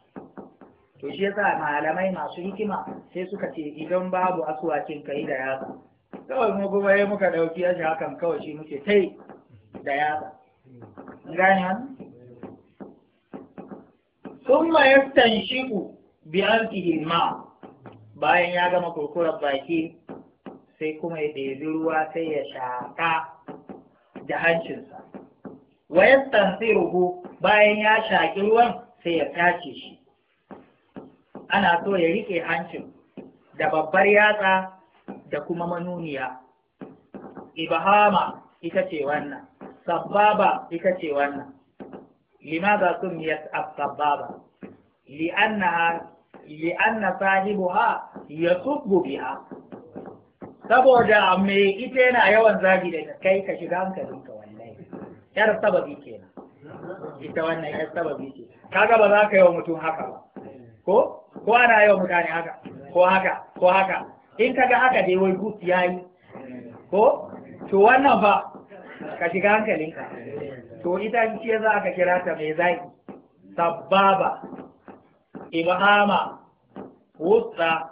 to shi yasa malamai masu hikima sai suka ce idan babu asuwakin kai da yatsa kawai mu kuma yayi muka dauki yashi hakan kawai shi muke tai da yatsa gane ثم يستنشق بأنفه الماء bayan ya gama kurkurar baki sai kuma ya ɗebi ruwa sai ya shaƙa da hancinsa wayar tansiruhu bayan ya shaƙi ruwan sai ya tace shi ana so ya riƙe hancin da babbar yatsa da kuma manuniya ibahama ita ce wannan sababa ita ce wannan لماذا سميت السبابة لأنها لأن صاحبها يصب بها saboda me ita yana yawan zagi da kai ka shiga hankalin ka wallahi yar sababi kenan ita wannan yar sababi ce kaga ba za ka yi wa mutum haka ba ko ko ana yi mutane haka ko haka ko haka in kaga haka dai wai gut yayi ko to wannan ba ka shiga hankalinka to ita ce za ka kira ta mai zai? sababa ibahama wutsa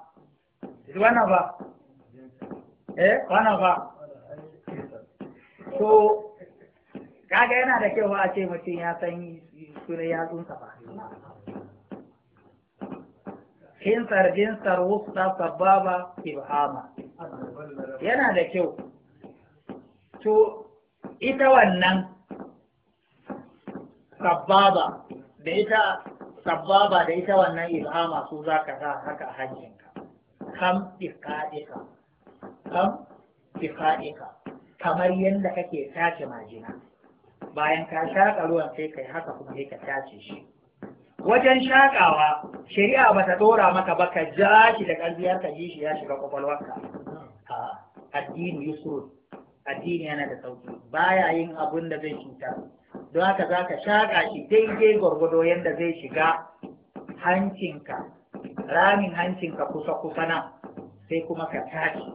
wana ba eh wana ba to kaga yana da kyau a ce mutum ya san sunan yatsunsa ba hinsar jinsar wusta sababa ibahama yana da kyau to ita wannan sababa da ita sababa da ita wannan ilhama su za ka sa haka hajjinka kam ifa'ika kam ifa'ika kamar yadda kake tace majina bayan ka shaƙa ruwan sai kai haka kuma sai ka tace shi wajen shaƙawa shari'a ba ta ɗora maka ba ka ja shi da ƙarfiyar ka ji shi ya shiga kwakwalwarka addini yusuf addini yana da sauki baya yin abin da zai cutar don haka za ka shaƙa shi daidai gwargwado yadda zai shiga hancinka ramin hancinka kusa-kusa nan sai kuma ka tashi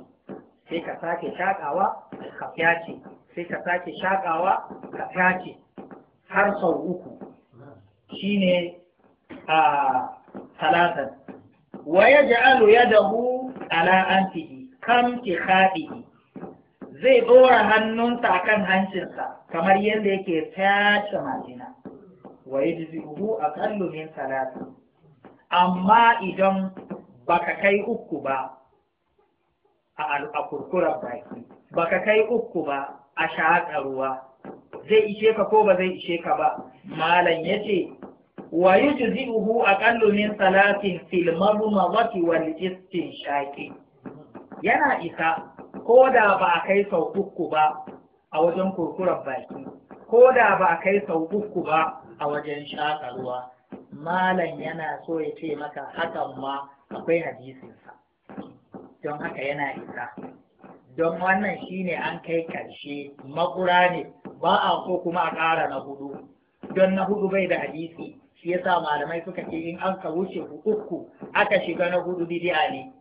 sai ka sake shaƙawa ka fyace sai ka sake shaƙawa ka fyace har sau uku shine a talatan wa ya ja'alu ya ala antihi kam ke haɗihi zai ɗora hannunsa a kan hancinsa kamar yadda yake tace majina wa a aqallu min salati amma idan baka kai uku ba a kurkurar baki baka kai uku ba a shaƙa ruwa zai ishe ka ko ba zai ishe ka ba malam ce. wa a aqallu min salatin fil marmadati wal shaƙi yana isa ko da ba a kai sau uku ba a wajen kurkuren baki ko da ba a kai sau uku ba a wajen shaƙa ruwa malam yana so ya ce maka hakan ma akwai hadisinsa don haka yana isa don wannan shine an kai ƙarshe makura ne ba a so kuma a ƙara na hudu don na hudu bai da hadisi shi yasa malamai suka ce in an ka wuce uku aka shiga na hudu bid'a ne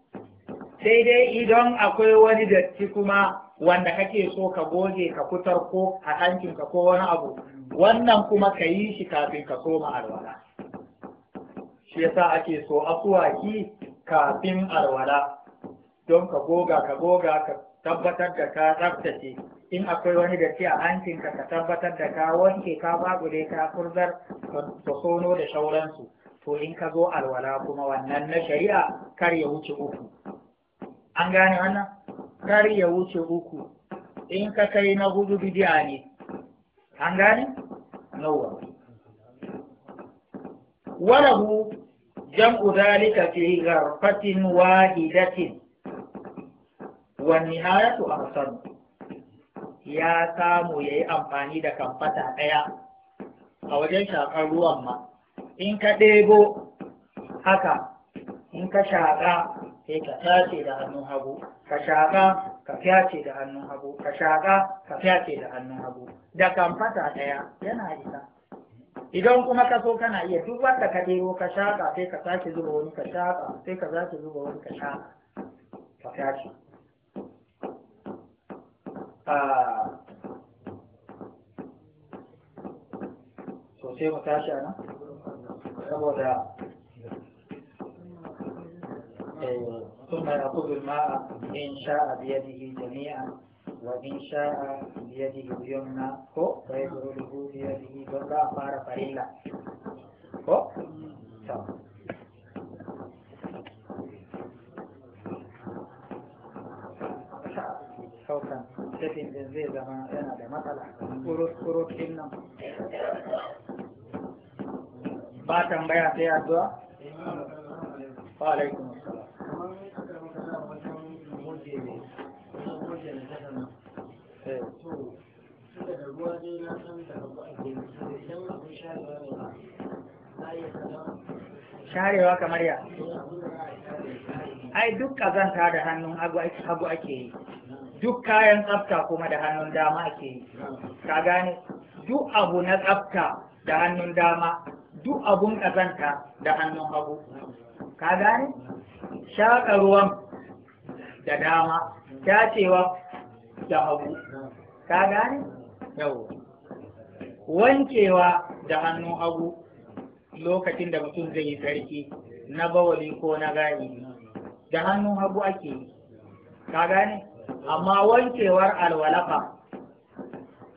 sai dai idan akwai wani datti kuma wanda kake so ka goge ka kutar ko a hankinka ko wani abu wannan kuma ka yi shi kafin ka soma alwala shi yasa ake so asuwaki kafin alwala don ka goga ka goga ka tabbatar da ka tsaftace in akwai wani datti a hankinka ka tabbatar da ka wanke ka bagule ka furzar ka sono da shauransu to in ka zo alwala kuma wannan na shari'a kar ya wuce uku an gane wannan kar ya wuce uku in ka kai na hudu bidiya ne an gane nawa walahu jam'u dalika fi gharfatin wahidatin wa nihayatu ahsan ya samu yayi amfani da kamfata ɗaya a wajen shakar ruwan ma in ka debo haka in ka shaƙa sai ka da hannun shaƙa ka fyace da hannun hagu da kamfata ɗaya yana isa idan kuma ka so kana iya duk wanda ka ɗero ka shaƙa sai ka sake zuba wani ka shaƙa sai ka sake zuba wani ka shaƙa ka fyace ah, sosai mu tashi a saboda ثم يأخذ الماء إن شاء بيده جميعا وإن شاء بيده اليمنى ويدعو بيده ضرا فار فريلا saukan shafin din zai zama yana da matsala kurut-kurut din nan ba tambaya sai addu'a wa alaikum assalam sharewa kamar ya ai duk kazanta da hannun hagu ake yi duk kayan tsafta kuma da hannun dama ake yi ka gane duk abu na tsafta da hannun dama duk abun kazanta da hannun hagu ka gane shaƙa ruwan da dama cewa da hagu ka gane yau wankewa da hannun hagu lokacin da mutum zai yi sarki na bawali ko na gani da hannun hagu ake yi ka gane amma wankewar alwalafa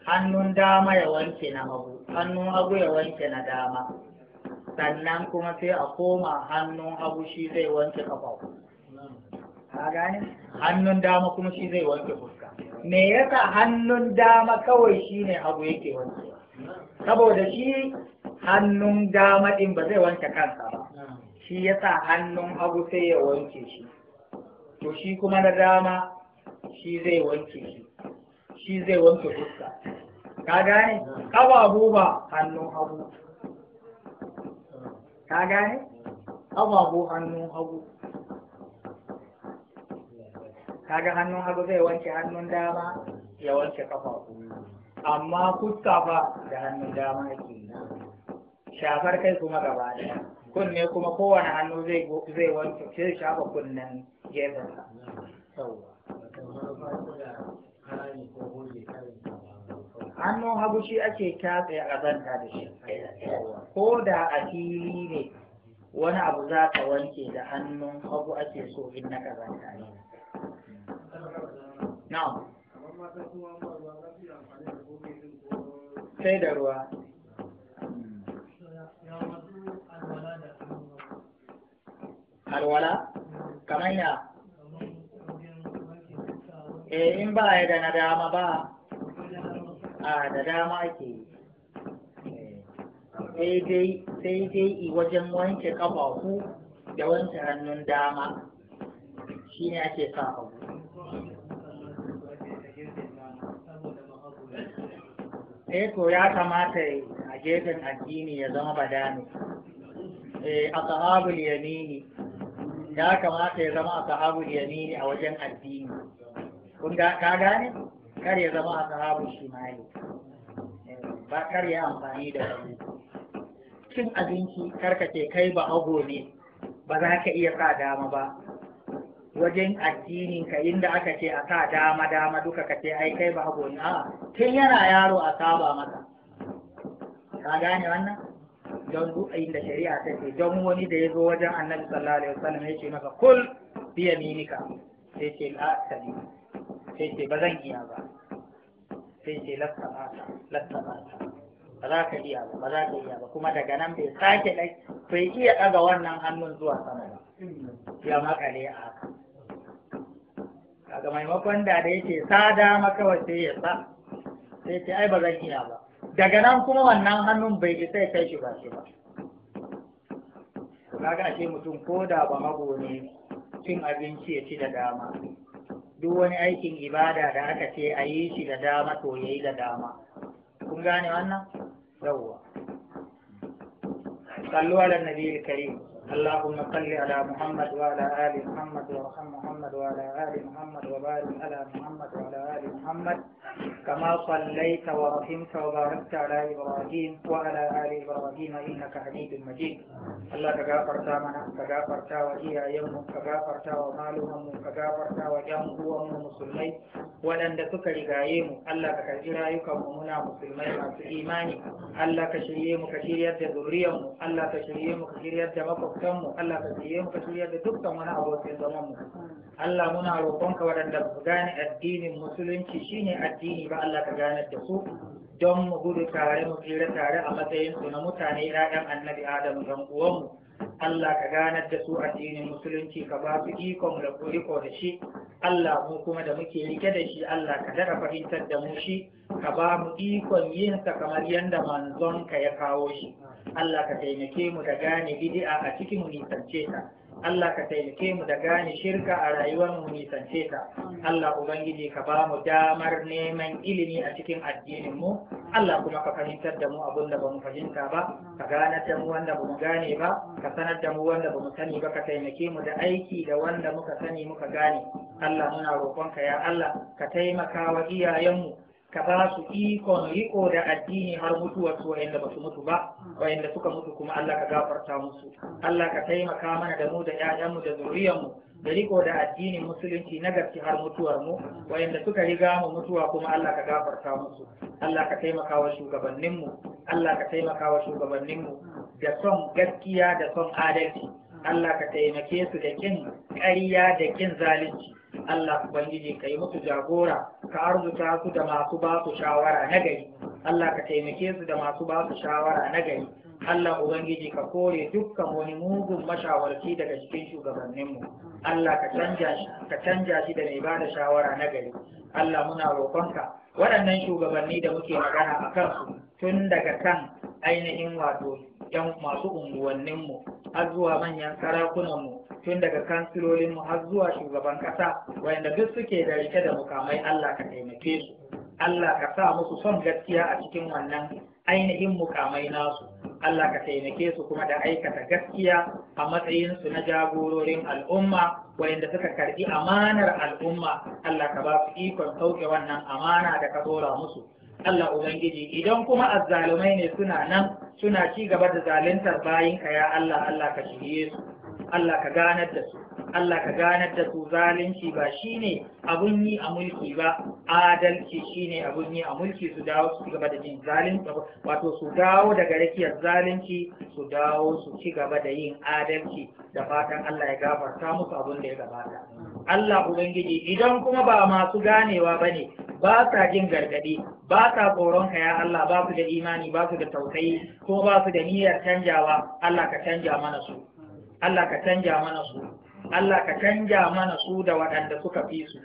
hannun dama ya wanke na hagu hannun hagu ya wanke na dama sannan kuma sai a koma hannun hagu shi zai wanke kafa ka gane hannun dama kuma shi zai wanke fuska me yasa hannun dama kawai shine abu yake wanke saboda shi hannun dama din ba zai wanke kansa ba shi yasa hannun hagu sai ya wanke shi to shi kuma na dama shi zai wanke shi shi zai wanke fuska ka gane ƙafafu ba hannun hagu ka gane ƙafafu hannun hagu kaga hannun hagu zai wanke hannun dama ya wanke kafafu amma fuska fa da hannun dama yake shafar kai kuma gaba daya kunne kuma kowane hannu zai zai wanke ce shafa kunnen gefen hannun hagu shi ake katse a zanta da shi ko da a fili ne wani abu za ka wanke da hannun hagu ake so in na kazanta ne na'am sai da ruwa alwala kamar ya eh in ba ya da na dama ba a da dama ake eh, sai dai i wajen wanke kafafu da wanke hannun dama shi ne ake sa abu eh to ya kamata a gefen addini ya zama badani eh ashabul yamini ya kamata ya zama ashabul yamini a wajen addini kun ga ka gane kar ya zama ashabul shimali eh, ba kar ya amfani da wani cin abinci karka ce kai ba hago ne ba za ka iya sa dama ba wajen addinin ka inda aka ce a sa dama dama duka ka ce ai kai ba hagu a tun yana yaro a saba masa ka gane wannan don duk inda shari'a ta ce don wani da ya zo wajen annabi sallallahu alaihi wasallam ya ce masa kul bi yaminika sai ce la sabi sai ce ba zan iya ba sai ce la sabata la lasta ba za ka iya ba ba za ka iya ba kuma daga nan bai sake dai bai iya ɗaga wannan hannun zuwa sama ba ya makale a haka kaga maimakon da da yake sa dama kawai sai ya sa sai ce ai ba zan iya ba daga nan kuma wannan hannun bai isa ya kai shi ba shi ba kaga ashe mutum ko da ba mago ne cin abinci ya ci da dama duk wani aikin ibada da aka ce a yi shi da dama to ya yi da dama kun gane wannan سوى صلوا على النبي الكريم اللهم صل على محمد وعلى آل محمد وارحم محمد وعلى آل محمد وبارك على محمد وعلى آل محمد كما صليت ورحمت وباركت على إبراهيم وعلى آل إبراهيم إنك حميد مجيد الله كغافر تامنا كغافر تاوى إيا يمه كغافر تاوى مالوهم كغافر تاوى جمه ومه مسلمين ولن دتك لغايم الله كجرى يكم منا مسلمين في إيماني الله كشريم كشرية ذريم الله كشريم كشرية مقفتم الله كشريم كشرية دكتم ونعبو سيدمم Allah muna roƙonka waɗanda ba su gane addinin musulunci shine addini ba Allah ka gane da su don mu gudu tare mu tsira tare a matsayin su na mutane ƴaƴan annabi Adam dan uwanmu Allah ka ganar da su addinin musulunci ka ba su ikon da riko da shi Allah mu kuma da muke rike da shi Allah ka dara fahimtar da mu shi ka ba mu ikon yin sa kamar yadda manzon ka ya kawo shi Allah ka taimake mu da gane bid'a a cikin mu nisance ta Allah ka taimake mu da gane shirka a rayuwar mu nisance ta Allah ubangiji ka ba mu damar neman ilimi a cikin addinin mu Allah kuma ka fahimtar da mu abin da bamu fahimta ba ka ganar da mu wanda bamu gane ba ka sanar da mu wanda bamu sani ba ka taimake mu da aiki da wanda muka sani muka gane Allah muna roƙonka ya Allah ka taimaka wa iyayenmu ka ba su ikon riko da addini har mutuwar su wa'anda ba su mutu ba Wayanda suka mutu kuma Allah ka gafarta musu Allah ka taimaka mana da mu da 'ya'yanmu da zuriyarmu da riko da addinin musulunci na gaske har mutuwar mu wa'anda suka riga mu mutuwa kuma Allah ka gafarta musu Allah ka taimaka wa shugabanninmu Allah ka taimaka wa shugabanninmu da son gaskiya da son adalci Allah ka taimake su da kin ƙarya da kin zalunci Allah ubangiji ka yi musu jagora ka arzuta su da masu ba su shawara na gari Allah ka taimake su da masu ba su shawara na gari Allah Ubangiji ka kore dukkan wani mugun mashawarci daga cikin shugabanninmu. Allah ka canja shi, ka canja shi da mai bada shawara na gari. Allah muna roƙonka waɗannan shugabanni da muke magana a kansu tun daga kan ainihin wato yan masu unguwanninmu har zuwa manyan sarakunanmu tun daga kansilolinmu har zuwa shugaban ƙasa. wanda duk suke da rike da mukamai Allah ka taimake su Allah ka sa musu son gaskiya a cikin wannan ainihin mukamai nasu Allah ka taimake su kuma da aikata gaskiya a matsayin su na jagororin al'umma wayanda suka karbi amanar al'umma Allah ka ba su ikon sauke wannan amana da ka dora musu Allah Ubangiji idan kuma azzalumai ne suna nan suna ci gaba da zaluntar bayinka ya Allah Allah ka shirye su Allah ka ganar da su Allah ka ganar da su zalunci ba shine abun yi a mulki ba adalci shine abun yi a mulki su dawo su gaba da yin zalunci wato su dawo daga rakiyar zalunci su dawo su ci gaba da yin adalci da fatan Allah ya gafarta musu abun da ya gabata Allah ubangiji idan kuma ba masu ganewa bane ba sa jin gargadi ba sa tsoron ka ya Allah ba su da imani ba su da tausayi ko ba su da niyyar canjawa Allah ka canja mana su Allah ka canja mana su da waɗanda suka fi su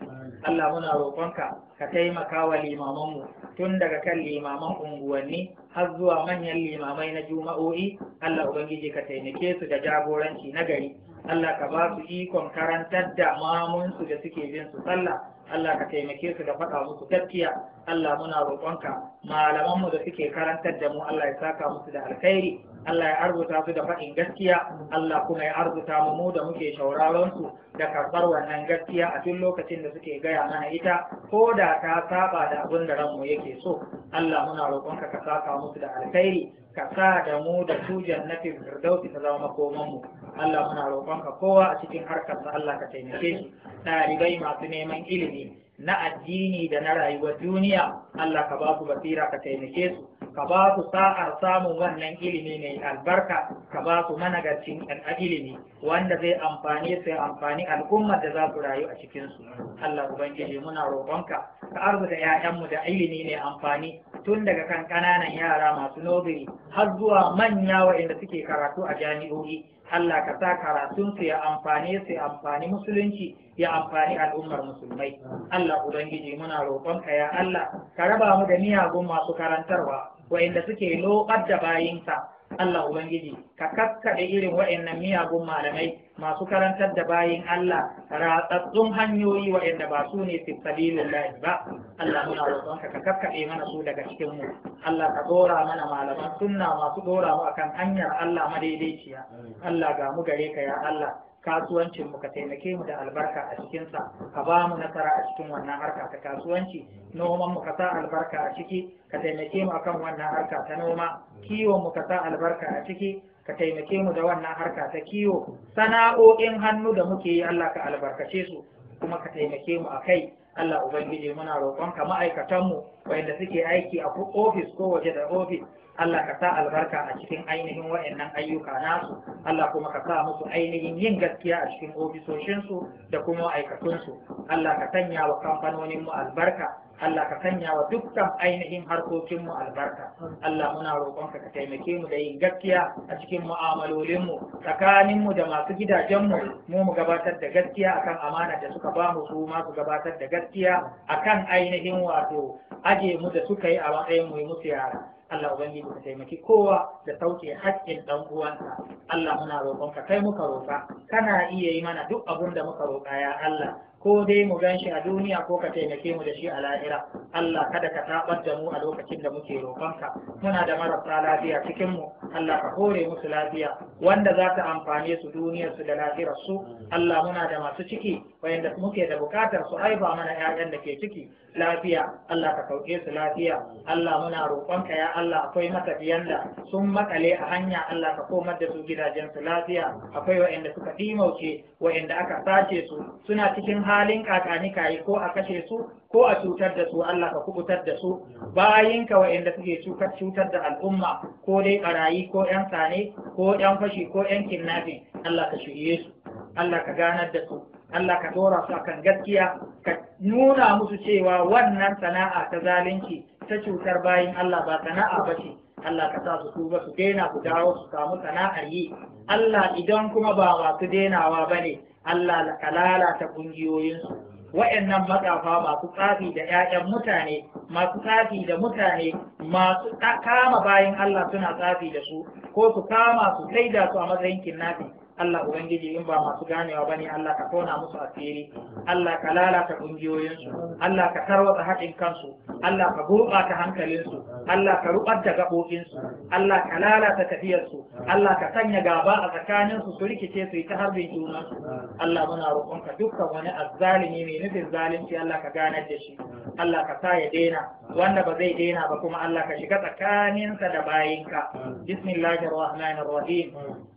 Allah muna roƙonka ka taimaka wa limamanmu tun daga kan limaman unguwanni har zuwa manyan limamai na juma'o'i Allah ubangiji ka taimake su da jagoranci na gari Allah ka ba su ikon karantar da mamunsu da suke bin su sallah Allah ka taimake su da faɗa musu tafkiya Allah muna roƙonka malamanmu da suke karantar da mu Allah ya saka musu da alkhairi Allah ya arzuta su da faɗin gaskiya Allah kuma ya arzuta mu da muke shauraron da karɓar wannan gaskiya a tun lokacin da suke gaya mana ita ko da ta saba da abin da ranmu yake so Allah muna roƙonka ka saka musu da alkhairi ka sa da mu da su jannatin firdausi ta zama makomanmu. Allah muna roƙonka kowa a cikin harkarsa Allah ka taimake shi ɗalibai masu neman ilimi na addini da na rayuwar duniya Allah ka ba su basira ka taimake su ka ba su sa'ar samun wannan ilimi mai albarka ka ba su managarcin ilimi wanda zai amfani su amfani al'ummar da za su rayu a cikinsu Allah ubangiji muna roƙonka ka arzuta 'ya'yanmu da ilimi ne amfani tun daga kan ƙananan yara masu nobiri har zuwa manya waɗanda suke karatu a jami'o'i Allah ka sa karatun su ya amfani su ya amfani musulunci ya amfani al'ummar musulmai Allah ubangiji muna ka ya Allah ka raba mu da miyagun masu karantarwa waɗanda suke loƙar da bayinsa Allah ubangiji ka kaskaɗe irin waɗannan miyagun malamai masu karantar da bayin Allah ratsattun hanyoyi waɗanda ba su ne fitsalilin lahi ba Allah muna roƙonka ka kakkaɓe mana su daga cikin mu Allah ka dora mana malaman sunna masu dora mu akan hanyar Allah madaidaiciya Allah ga mu gare ka ya Allah kasuwancin mu ka taimake mu da albarka a cikinsa ka ba mu nasara a cikin wannan harka ta kasuwanci noman mu ka sa albarka a ciki ka taimake mu akan wannan harka ta noma kiwon mu ka sa albarka a ciki ka taimake mu da wannan harka ta kiwo sana'o'in hannu da muke yi Allah ka albarkace su kuma ka taimake mu a kai Allah ubangiji muna roƙonka ma'aikatanmu wanda suke aiki a ofis ko waje da ofis Allah ka sa albarka a cikin ainihin wa'annan ayyuka nasu Allah kuma ka sa musu ainihin yin gaskiya a cikin ofisoshinsu da kuma ma'aikatunsu Allah ka sanya wa kamfanoninmu albarka Allah ka sanya wa dukkan ainihin harkokinmu albarka Allah muna roƙonka ka taimake mu da yin gaskiya a cikin mu'amalolinmu tsakaninmu da masu gidajenmu mu mu gabatar da gaskiya akan amana da suka bamu su ma su gabatar da gaskiya akan ainihin wato aje mu da suka yi a matsayin mu musu yara Allah ubangiji ka taimaki kowa da sauke haƙƙin ɗan uwansa Allah muna roƙonka kai muka roƙa kana iya yi mana duk abun da muka roƙa ya Allah ko dai mu gan shi a duniya ko ka taimake mu da shi a lahira Allah kada ka tabar da mu a lokacin da muke roƙonka muna da marasa lafiya cikin mu Allah ka hore musu lafiya wanda za ta amfane su duniyar su da lahirar su Allah muna da masu ciki wayanda muke da bukatar su haifa mana ƴaƴan da ke ciki lafiya Allah ka sauke su lafiya Allah muna roƙonka ya Allah akwai matafiyan da sun makale a hanya Allah ka komar da su gidajen su lafiya akwai wayanda suka dimauce wayanda aka sace su suna cikin halin kakani yi ko a kashe su ko a cutar da su Allah ka kubutar da su bayinka wayanda suke cutar cutar da al'umma ko dai barayi ko ƴan sane ko ƴan fashi ko ƴan kinnafi. Allah ka shirye su Allah ka ganar da su Allah ka dora su akan gaskiya ka nuna musu cewa wannan sana'a ta zalunci ta cutar bayin Allah ba sana'a ba ce Allah ka sa su tuba su daina ku dawo su samu sana'ar yi Allah idan kuma ba masu dainawa ba ne Allah ka lalata ƙungiyoyinsu wa'annan matsafa masu tsafi da ƴaƴan mutane masu tsafi da mutane masu kama bayan Allah suna tsafi da su ko su kama su saida su a matsayin kinnafi Allah Ubangiji in ba masu ganewa ba ne Allah ka tona musu asiri, Allah ka lalata ƙungiyoyinsu, Allah ka tarwatsa haɗin kansu, Allah ka gurɓata hankalinsu, Allah ka ruɓar da gaɓoɓinsu, Allah ka lalata tafiyarsu, Allah ka sanya gaba a tsakaninsu su rikice su yi ta harbin junansu. Allah muna roƙonka dukkan wani azzalimi mai nufin zalunci Allah ka ganar da shi, Allah ka sa ya daina, wanda ba zai daina ba kuma Allah ka shiga tsakaninsa da bayinka.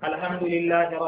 Alhamdulillah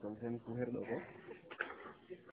Kan zijn niet meer lopen.